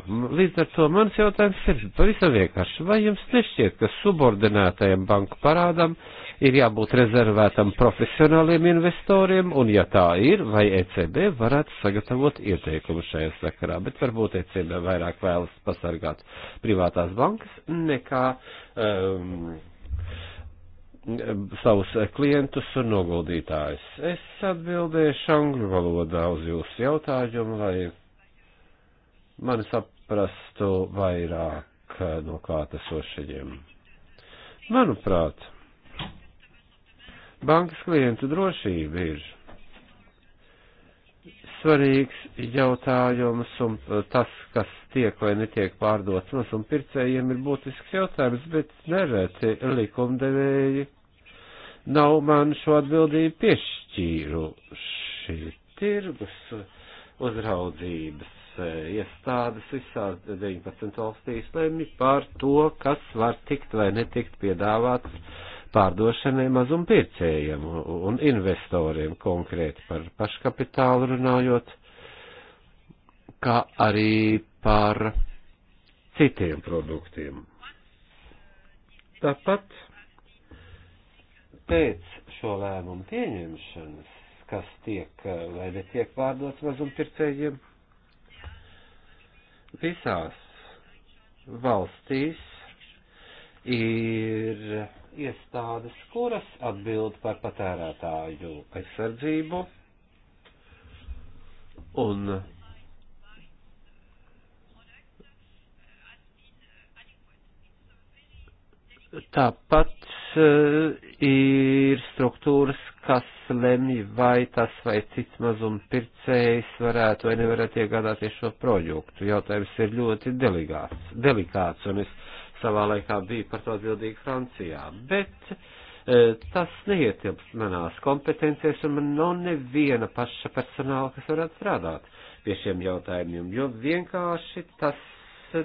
Līdz ar to mans jautājums ir pavisam vienkārši. Vai jums nešķiet, ka subordinētajam banku parādam uh, ir jābūt rezervētam profesionāliem investoriem, un ja tā ir, vai ECB varētu sagatavot ieteikumu šajā sakarā, bet varbūt ECB vairāk vēlas pasargāt privātās bankas nekā um, savus klientus un noguldītājus. Es atbildēšu angļu valodā uz jūsu jautājumu, lai mani saprastu vairāk no klātesošajiem. Manuprāt, Bankas klientu drošība ir svarīgs jautājums, un tas, kas tiek vai netiek pārdots mazumpircējiem, ir būtisks jautājums, bet nereti likumdevēji nav man šo atbildību piešķīruši. Tirgus uzraudzības iestādes visās 19 valstīs lemj par to, kas var tikt vai netikt piedāvāts pārdošanai mazumpircējiem un investoriem konkrēti par paškapitālu runājot, kā arī par citiem produktiem. Tāpat pēc šo lēmumu pieņemšanas, kas tiek vai netiek pārdots mazumpircējiem, visās valstīs ir iestādes, kuras atbild par patērētāju aizsardzību un Tāpat uh, ir struktūras, kas lemj, vai tas vai cits mazumpircējs varētu vai nevarētu iegādāties šo projektu. Jautājums ir ļoti delikāts, delikāts un es savā laikā bija par to atbildīgi Francijā, bet e, tas neietilps manās kompetencijās un man nav neviena paša personāla, kas varētu strādāt pie šiem jautājumiem, jo vienkārši tas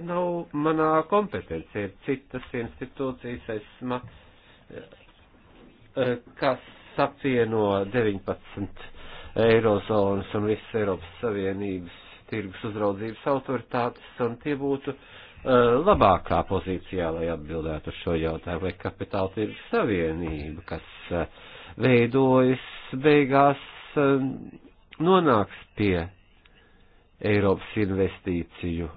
nav manā kompetencija, ir citas institūcijas, esma, e, e kas apvieno 19 Eirozonas un visas Eiropas Savienības tirgus uzraudzības autoritātes, un tie būtu uh, Eh, labākā pozīcijā, lai atbildētu uz šo jautājumu, vai kapitāla tirgus savienība, kas eh, veidojas beigās, eh, nonāks pie Eiropas investīciju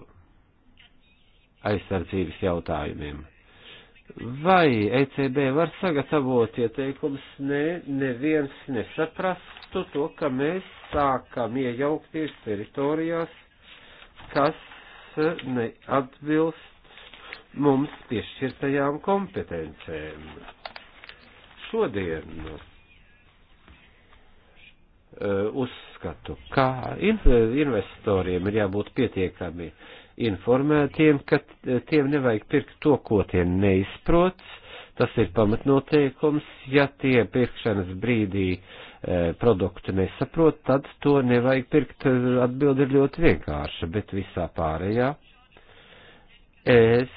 aizsardzības jautājumiem. Vai ECB var sagatavot ieteikumus? Nē, neviens nesaprastu to, ka mēs sākam iejaukties teritorijās, kas neatbilst mums piešķirtajām kompetencēm. Šodien e, uzskatu, ka investoriem ir jābūt pietiekami informētiem, ka tiem nevajag pirkt to, ko tie neizprots. Tas ir pamatnoteikums, ja tie pirkšanas brīdī uh, E, produktu nesaprot, tad to nevajag pirkt. Atbildi ir ļoti vienkārša, bet visā pārējā es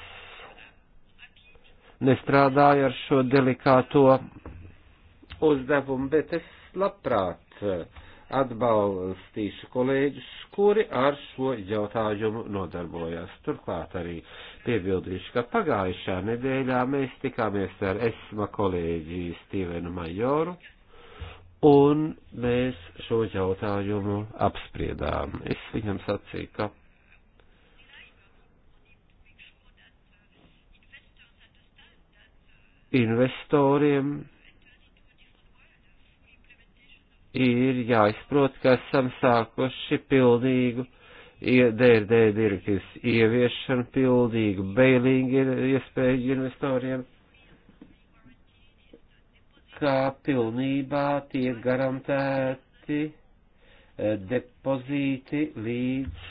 nestrādāju ar šo delikāto uzdevumu, bet es labprāt e, atbalstīšu kolēģus, kuri ar šo jautājumu nodarbojas. Turklāt arī piebildīšu, ka pagājušā nedēļā mēs tikāmies ar ESMA kolēģi Stīvenu Majoru un mēs šo jautājumu apspriedām. Es viņam sacīju, ka investoriem ir jāizprot, ka esam sākuši pilnīgu DRD direktīvas ieviešanu, pilnīgu bailingu iespēju investoriem ka pilnībā tiek garantēti e, depozīti līdz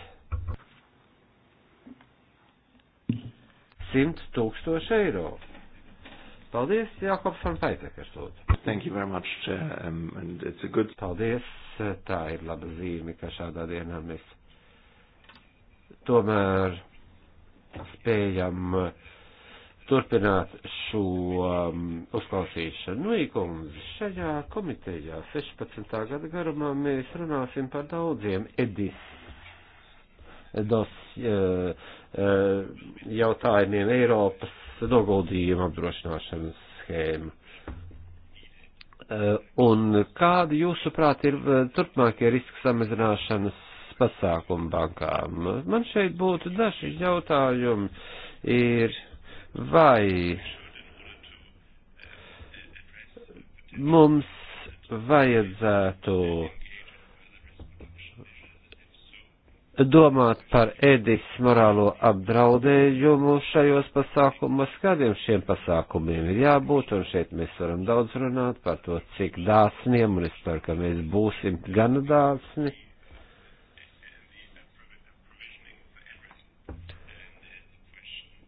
100 tūkstoši eiro. Paldies, Jākops un Paitekers, lūdzu. Thank you very much, Chair, um, and it's a good... Paldies, e, tā ir laba zīme, ka šādā dienā mēs tomēr spējam uh, turpināt šo um, uzklausīšanu. Nu, īkundze, šajā komitejā 16. gada garumā mēs runāsim par daudziem edis dos uh, uh, jautājumiem Eiropas noguldījuma apdrošināšanas schēmu. Uh, un kāda jūsuprāt ir uh, turpmākie riska samazināšanas pasākumi bankām? Man šeit būtu daži jautājumi. Ir vai mums vajadzētu domāt par Edis morālo apdraudējumu šajos pasākumos, kādiem šiem pasākumiem ir jābūt, un šeit mēs varam daudz runāt par to, cik dāsniem, un es ceru, ka mēs būsim gan dāsni.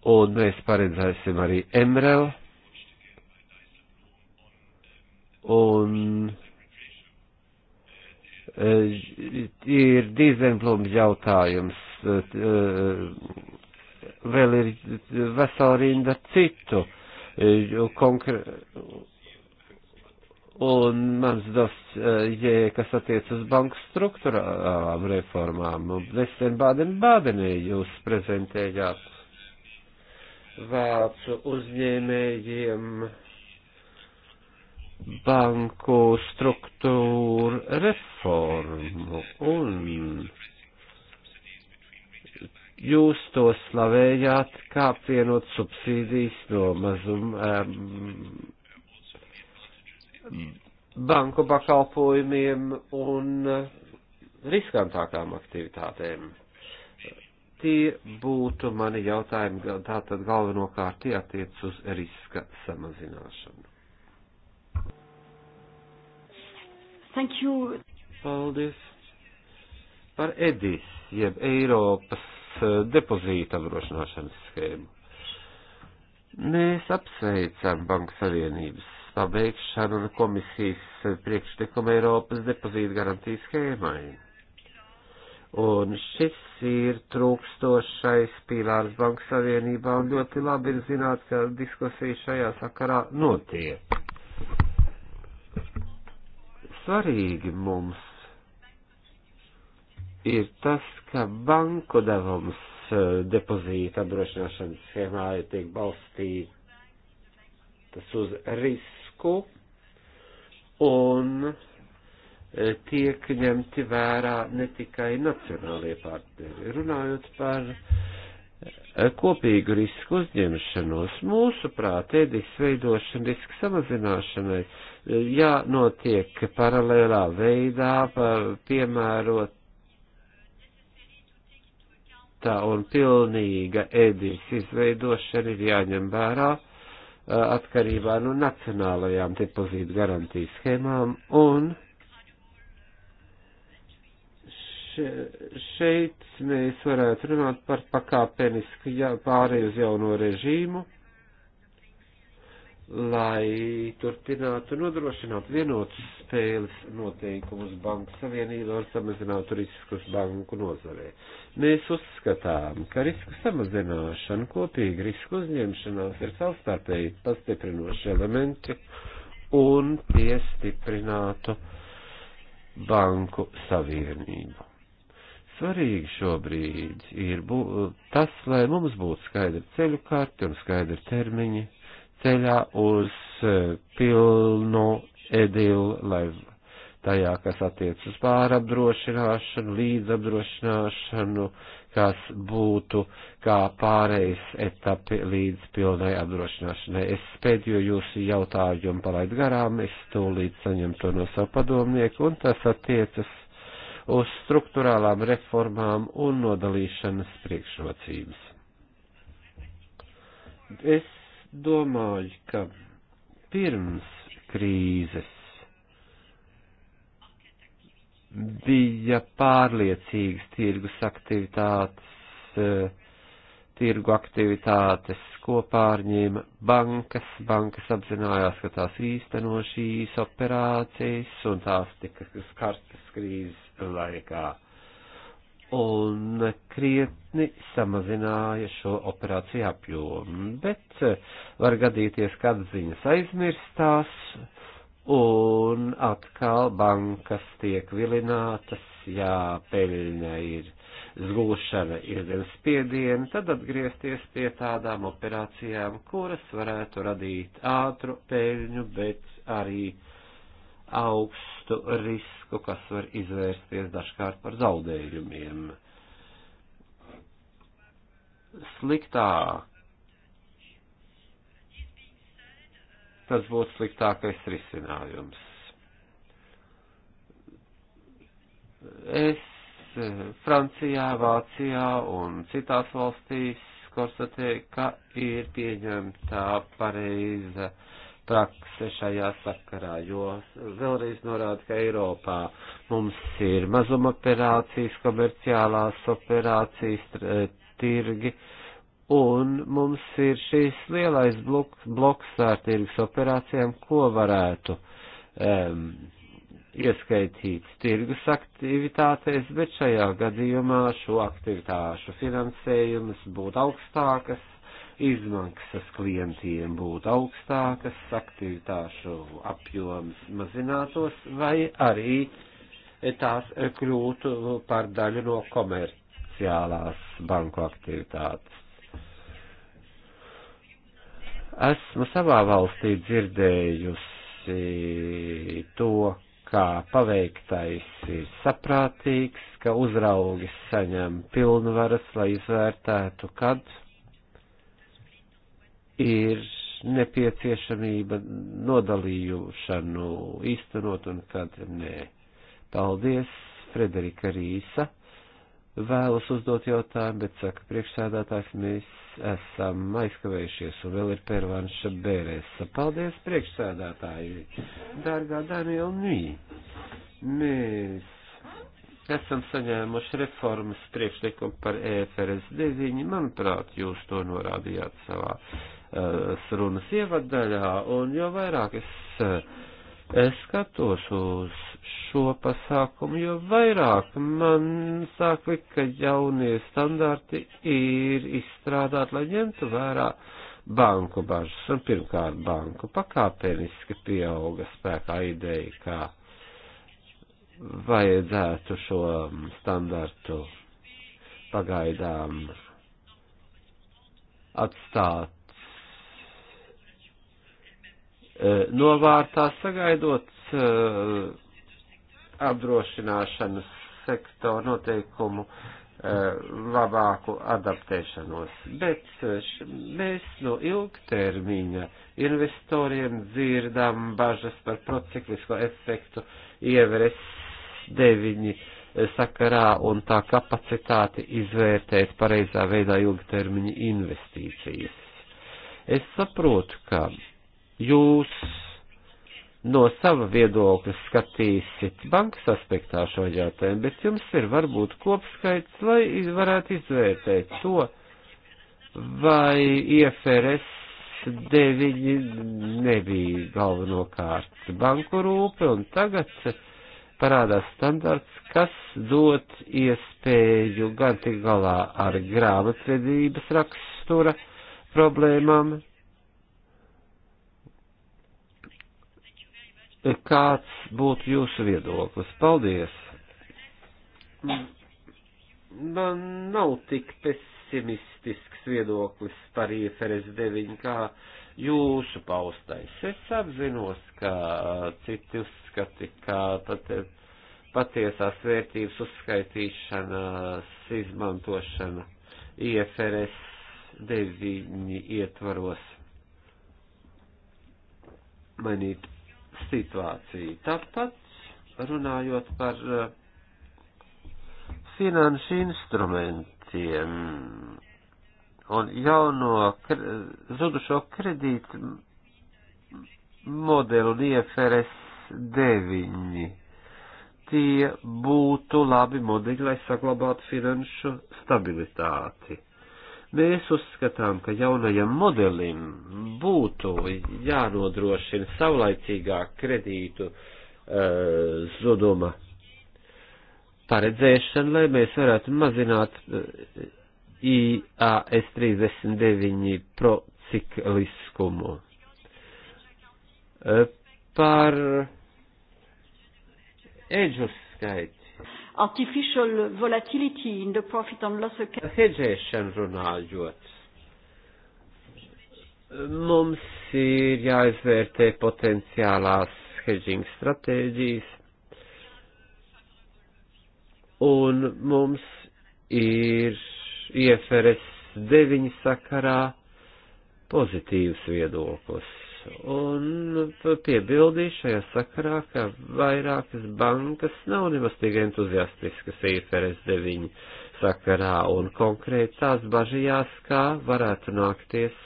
un mēs paredzēsim arī MRL. Un e, ir dizenplums jautājums, e, e, vēl ir vesela rinda citu. Konkre... Un mans dos, jē, kas attiec uz banku struktūrālām reformām, nesen Bādeni Bādenī jūs prezentējāt vācu uzņēmējiem banku struktūru reformu un jūs to slavējāt, kā apvienot subsīdijas no mazuma um, banku pakalpojumiem un riskantākām aktivitātēm. Tie būtu mani jautājumi, tātad galvenokārt tie attiec uz riska samazināšanu. Thank you. Paldies. Par EDIS, jeb Eiropas eh, depozīta apdrošināšanas schēmu. Mēs apsveicam Banku Savienības pabeigšanu un komisijas priekšlikumu Eiropas depozīta garantijas schēmai Un šis ir trūkstošais pīlārs Banka Savienībā, un ļoti labi ir zināt, ka diskusija šajā sakarā notiek. Svarīgi mums ir tas, ka banku devums e, depozīta apdrošināšanas schēmā tiek balstītas uz risku, un E, tiek ņemti vērā ne tikai nacionālie partneri. Runājot par e, kopīgu risku uzņemšanos, mūsuprāt, ēdīs veidošana riska samazināšanai e, jānotiek paralēlā veidā, piemērot tā un pilnīga ēdīs izveidošana ir jāņem vērā atkarībā no nacionālajām depozītu garantijas schēmām un šeit mēs varētu runāt par pakāpenisku pārēju uz jauno režīmu, lai turpinātu nodrošināt vienotus spēles noteikumus Banku Savienībā un samazinātu riskus banku nozarē. Mēs uzskatām, ka risku samazināšana, kopīga risku uzņemšanās ir savstarpēji pastiprinoši elementi un tie stiprinātu banku savienību. Svarīgi šobrīd ir tas, lai mums būtu skaidra ceļu karti un skaidra termiņi ceļā uz eh, pilnu edilu, lai tajā, kas attiec uz pārapdrošināšanu, līdzapdrošināšanu, kas būtu kā pārējais etapi līdz pilnai apdrošināšanai. Es pēdējo jūsu jautājumu palaidu garām, es tūlīt saņemu to no savu padomnieku, un tas attiecas uz struktūrālām reformām un nodalīšanas priekšrocības. Es domāju, ka pirms krīzes bija pārliecīgas tirgus aktivitātes eh, tirgu aktivitātes kopā ārņēma bankas, bankas apzinājās, ka tās īsteno šīs operācijas un tās tika skartas krīzes laikā un krietni samazināja šo operāciju apjomu, bet eh, var gadīties, kad ziņas aizmirstās un atkal bankas tiek vilinātas, jā, peļņa ir zgūšana iedeva spiedienu, tad atgriezties pie tādām operācijām, kuras varētu radīt ātru peļņu, bet arī augstu risku, kas var izvērsties dažkārt par zaudējumiem. Sliktāk tas būtu sliktākais risinājums. Es Francijā, Vācijā un citās valstīs konstatē, ka ir pieņemta pareiza prakse šajā sakarā, jo vēlreiz norāda, ka Eiropā mums ir mazumoperācijas, komerciālās operācijas, eh, tirgi, un mums ir šīs lielais bloks, bloks ar tirgus operācijām, ko varētu um, ieskaitīts tirgus aktivitātēs, bet šajā gadījumā šo aktivitāšu finansējums būtu augstākas, izmaksas klientiem būtu augstākas, aktivitāšu apjoms mazinātos vai arī tās kļūtu par daļu no komerciālās banku aktivitātes. Esmu savā valstī dzirdējusi to, kā paveiktais ir saprātīgs, ka uzraugi saņem pilnvaras, lai izvērtētu, kad ir nepieciešamība nodalījušanu īstenot un kad nē. Paldies, Frederika Rīsa vēlas uzdot jautājumu, bet saka, priekšsēdētājs, mēs esam aizkavējušies un vēl ir pērvanša bērēsa. Paldies, priekšsēdētāji! Dārgā Daniela Nī, mēs esam saņēmuši reformas priekšlikumu par EFRS 9, manuprāt, jūs to norādījāt savā uh, runas ievadaļā, un jo vairāk es uh, Es skatos uz šo pasākumu, jo vairāk man sāk likt, ka jaunie standarti ir izstrādāti, lai ņemtu vērā banku bažas. Un pirmkārt, banku pakāpeniski pieauga spēkā ideja, ka vajadzētu šo standartu pagaidām atstāt E, novārtā sagaidot e, apdrošināšanas sektoru noteikumu e, labāku adaptēšanos. Bet mēs no ilgtermiņa investoriem dzirdam bažas par prociklisko efektu ieveres deviņi sakarā un tā kapacitāti izvērtēt pareizā veidā ilgtermiņa investīcijas. Es saprotu, ka jūs no sava viedokļa skatīsit bankas aspektā šo jautājumu, bet jums ir varbūt kopskaits, lai varētu izvērtēt to, vai IFRS 9 nebija galvenokārt banku rūpe, un tagad parādās standarts, kas dot iespēju gan tik galā ar grāmatvedības rakstura problēmām, kāds būtu jūsu viedoklis. Paldies! Man nav tik pesimistisks viedoklis par IFRS 9 kā jūsu paustais. Es apzinos, ka citi uzskati, ka pat, patiesās vērtības uzskaitīšanas izmantošana IFRS 9 ietvaros manīt situāciju. Tāpat runājot par eh, finanšu instrumentiem un jauno kre, zudušo kredītu modelu un IFRS 9. Tie būtu labi modeļi, lai saglabātu finanšu stabilitāti. Mēs uzskatām, ka jaunajam modelim būtu jānodrošina savlaicīgāk kredītu uh, zuduma paredzēšana, lai mēs varētu mazināt uh, IAS 39 procikliskumu. Uh, par eģu skaitu artificial volatility in the profit and loss account. Hedžēšana runājot. Mums ir jāizvērtē potenciālās hedžing stratēģijas, un mums ir ieferes deviņi sakarā pozitīvs viedoklis. Un piebildīšu šajā sakarā, ka vairākas bankas nav nemaz tik entuziastiskas IFRS 9 sakarā, un konkrēti tās bažījās, kā varētu nākties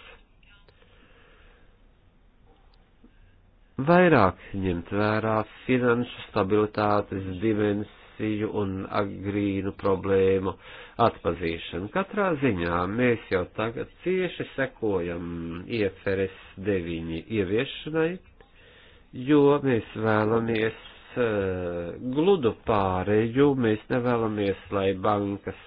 vairāk ņemt vērā finanšu stabilitātes dimensiju un agrīnu problēmu uh, atpazīšanu. Katrā ziņā mēs jau tagad cieši sekojam IFRS 9 ieviešanai, jo mēs vēlamies uh, gludu pāreju, mēs nevēlamies, lai bankas,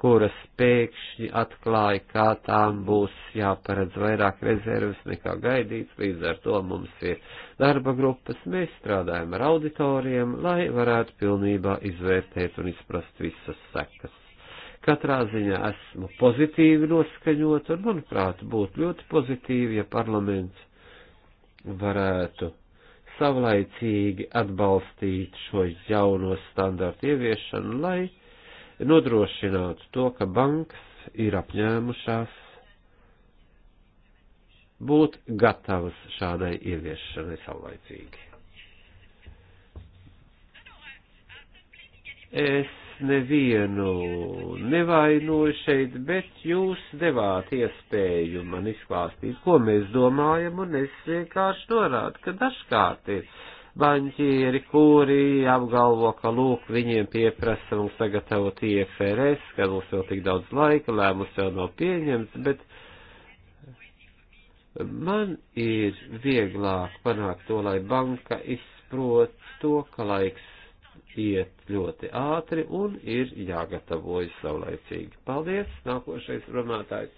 kuras pēkšņi atklāja, kā tām būs jāparedz vairāk rezerves nekā gaidīts, līdz ar to mums ir darba grupas, mēs strādājam ar auditoriem, lai varētu pilnībā izvērtēt un izprast visas sekas. Katrā ziņā esmu pozitīvi noskaņot, un, manuprāt, būtu ļoti pozitīvi, ja parlaments varētu savlaicīgi atbalstīt šo jauno standartu ieviešanu, lai nodrošinātu to, ka bankas ir apņēmušās būt gatavas šādai ieviešanai savlaicīgi. Es nevienu nevainoju šeit, bet jūs devāt iespēju man izklāstīt, ko mēs domājam, un es vienkārši norādu, ka dažkārt ir banķieri, kuri apgalvo, ka lūk, viņiem pieprasa mums sagatavot IFRS, ka mums vēl tik daudz laika, lēmums vēl nav pieņemts, bet man ir vieglāk panākt to, lai banka izprot to, ka laiks iet ļoti ātri un ir jāgatavojas saulaicīgi. Paldies! Nākošais runātājs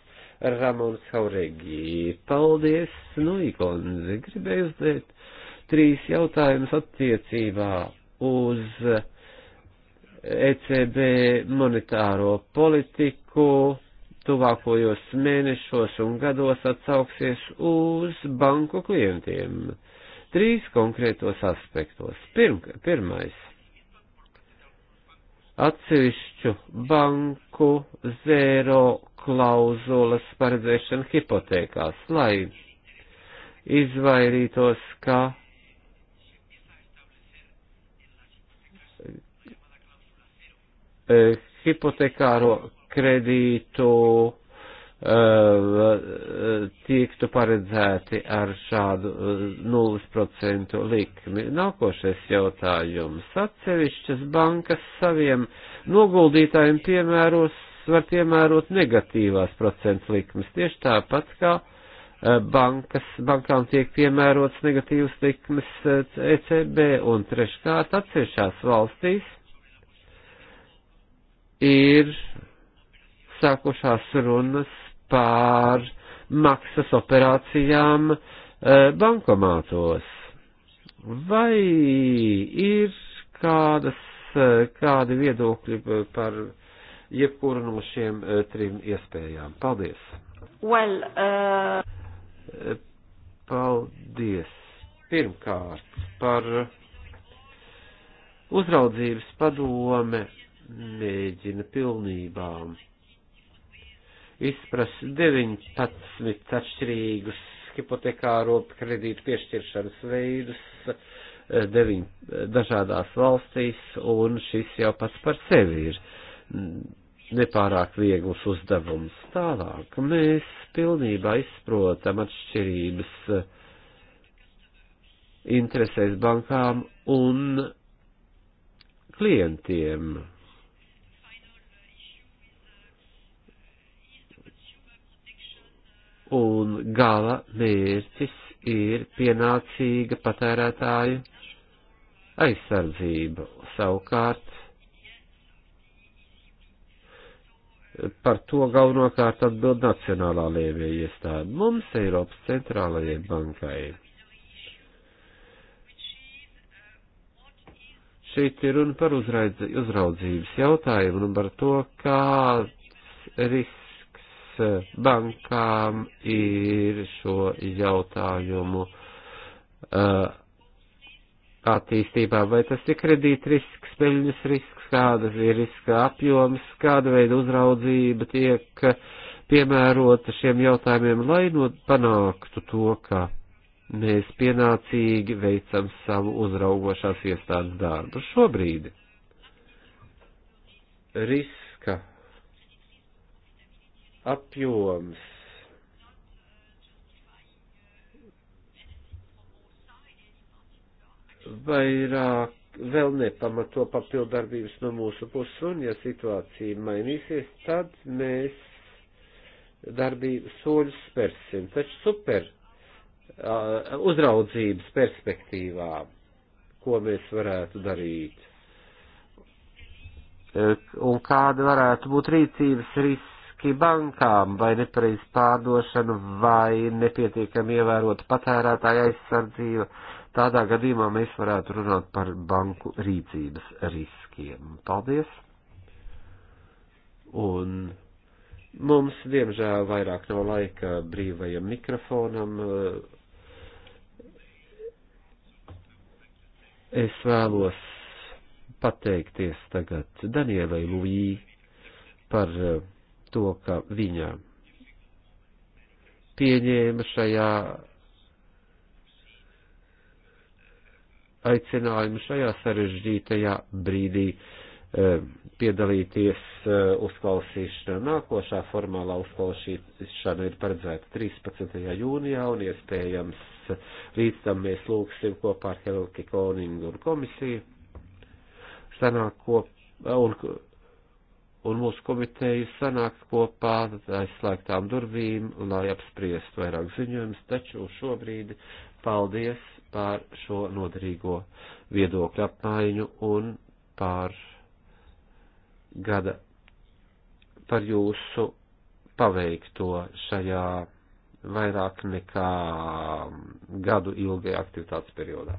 Ramons Hauregī. Paldies! Nu, ikondzi, gribēju uzdēt trīs jautājumus attiecībā uz ECB monetāro politiku tuvākojos mēnešos un gados atsauksies uz banku klientiem. Trīs konkrētos aspektos. Pirm, pirmais atsevišķu banku zēro klauzulas paredzēšanu hipotekās, lai izvairītos, ka eh, hipotekāro kredītu Uh, tiktu paredzēti ar šādu 0% uh, likmi. Nākošais jautājums. Atsevišķas bankas saviem noguldītājiem piemēros var piemērot negatīvās procentu likmes, tieši tāpat kā uh, bankas, bankām tiek piemērots negatīvas likmes ECB un treškārt atsevišķās valstīs ir sākušās runas pār maksas operācijām e, bankomātos. Vai ir kādas, e, kādi viedokļi par jebkuru no šiem e, trim iespējām? Paldies! Well, uh... Paldies! Pirmkārt, par uzraudzības padome mēģina pilnībām izprast 19 atšķirīgus hipotekāro kredītu piešķiršanas veidus eh, deviņ, eh, dažādās valstīs, un šis jau pats par sevi ir nepārāk viegls uzdevums. Tālāk mēs pilnībā izprotam atšķirības eh, interesēs bankām un klientiem. un gala mērķis ir pienācīga patērētāju aizsardzība. Savukārt par to galvenokārt atbild nacionālā līmeņa iestāde mums Eiropas centrālajai bankai. Šeit ir runa par uzraudzības jautājumu un par to, kāds risks bankām ir šo jautājumu uh, attīstībā, vai tas ir kredīt risks, peļņas risks, kādas ir riska apjoms, kāda veida uzraudzība tiek piemērota šiem jautājumiem, lai no panāktu to, ka mēs pienācīgi veicam savu uzraugošās iestādes darbu. Šobrīd riska apjoms vairāk vēl nepamato papildarbības no mūsu puses, un ja situācija mainīsies, tad mēs darbību soļus spērsim. Taču super uh, uzraudzības perspektīvā, ko mēs varētu darīt, e, un kāda varētu būt rīcības riska riski bankām vai nepareiz pārdošanu vai nepietiekami ievērot patērētāja aizsardzību. Tādā gadījumā mēs varētu runāt par banku rīcības riskiem. Paldies! Un mums, diemžēl, vairāk nav laika brīvajam mikrofonam. Es vēlos pateikties tagad Danielai Lūjī par to, ka viņa pieņēma šajā aicinājumu šajā sarežģītajā brīdī e, piedalīties e, uzklausīšanā. Nākošā formālā uzklausīšana ir paredzēta 13. jūnijā un iespējams līdz tam mēs lūgsim kopā ar Helki Koningu un komisiju sanāk kop, un un mūsu komiteja sanāks kopā aizslēgtām durvīm, lai apspriest vairāk ziņojumus, taču šobrīd paldies par šo noderīgo viedokļu apmaiņu un par gada, par jūsu paveikto šajā vairāk nekā gadu ilgajā aktivitātes periodā.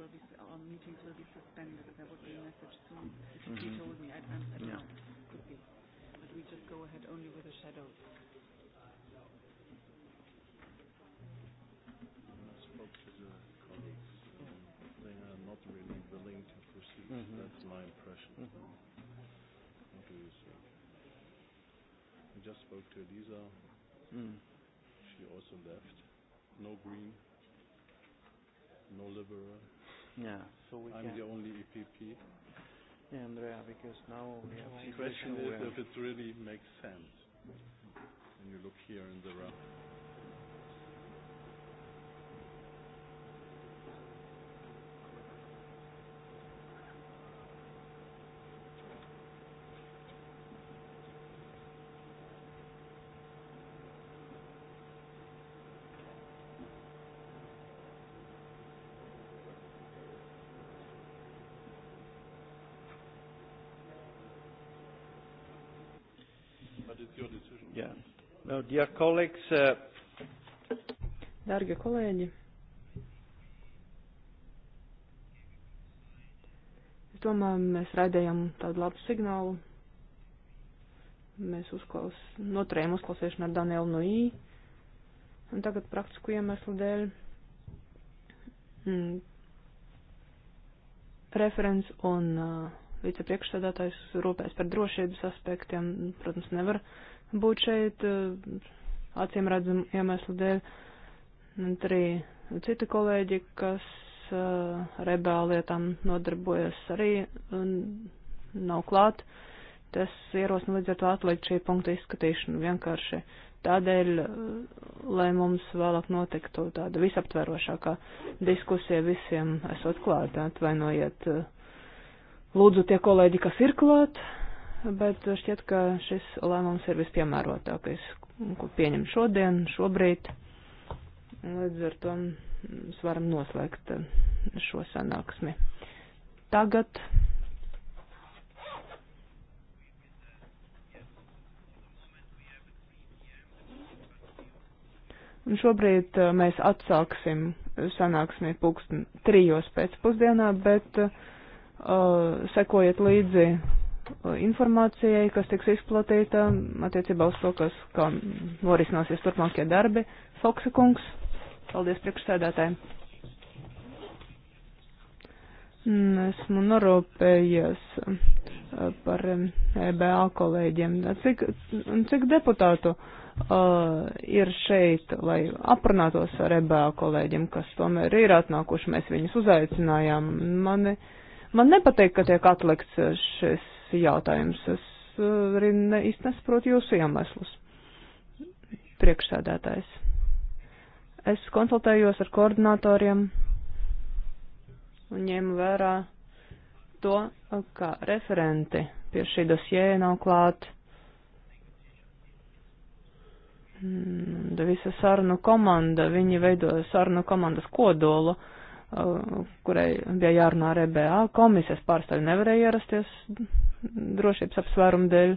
will be, or meetings will be suspended. There would be a message soon. Mm-hmm. He told me, I, I'm, I don't yeah. know, could be. But we just go ahead only with the shadows. Mm-hmm. That's my impression. Mm-hmm. I just spoke to Elisa. Mm. She also left. No green, no liberal. Yeah. So we I'm can. the only EPP. Yeah, Andrea, because now we have the question is if it really makes sense when you look here in the room. But it's your decision. Yeah. No, dear colleagues. Uh... Dargie kolēģi. Es domāju, mēs raidījām tādu labu signālu. Mēs uzklaus, noturējām uzklausīšanu ar Danielu Nui. Un tagad praktisku iemeslu dēļ. Mm. Referents un uh, vicepriekšsēdētājs rūpēs par drošības aspektiem, protams, nevar būt šeit eh, acīm redzamu iemeslu dēļ. Un arī citi kolēģi, kas ar eh, EBA lietām nodarbojas, arī mm, nav klāt. Tas ierosina līdz ar to atlikt šī punkta izskatīšanu vienkārši tādēļ, eh, lai mums vēlāk notiktu tāda visaptverošākā diskusija visiem esot klāt, atvainojiet. Uh, lūdzu tie kolēģi, kas ir klāt, bet šķiet, ka šis lēmums ir vispiemērotākais, ko pieņem šodien, šobrīd. Līdz ar to mēs varam noslēgt šo sanāksmi. Tagad. Un šobrīd uh, mēs atsāksim sanāksmi pulksten trijos pēcpusdienā, bet uh, Uh, sekojiet līdzi uh, informācijai, kas tiks izplatīta attiecībā uz to, kas, kā norisināsies turpmākie darbi. Foksa kungs, paldies priekšsēdētājiem. Mm, esmu norūpējies uh, par um, EBA kolēģiem. Cik, cik deputātu uh, ir šeit, lai aprunātos ar EBA kolēģiem, kas tomēr ir atnākuši, mēs viņus uzaicinājām. Mani uh, Man nepatīk, ka tiek atlikts eh, šis jautājums. Es eh, arī ne, īsti nesaprotu jūsu iemeslus. Priekšsēdētājs. Es konsultējos ar koordinatoriem un ņēmu vērā to, ka referenti pie šī dosjē nav klāt. Mm, visa sarunu komanda, viņi veido sarunu komandas kodolu. Uh, Uh, kurai bija jārunā ar EBA. Komisijas pārstāvi nevarēja ierasties drošības apsvērumu dēļ.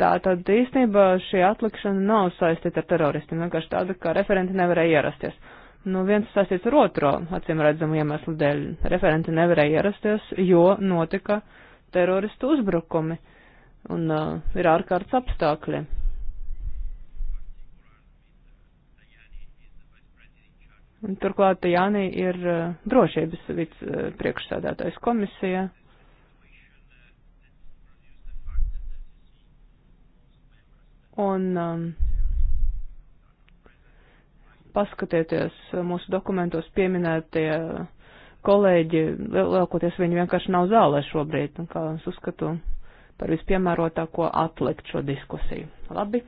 Tā tad īstenībā šī atlikšana nav saistīta ar teroristiem, vienkārši tāda, ka referenti nevarēja ierasties. Nu, viens saistīts ar otro, acīm redzamu iemeslu dēļ. Referenti nevarēja ierasties, jo notika teroristu uzbrukumi un uh, ir ārkārtas apstākļi. Turklāt Jānī ir drošības vicepriekšsēdētājs komisijā. Un um, paskatieties mūsu dokumentos pieminētie kolēģi, lielākoties viņi vienkārši nav zālē šobrīd, un kā es uzskatu par vispiemērotāko atlikt šo diskusiju. Labi?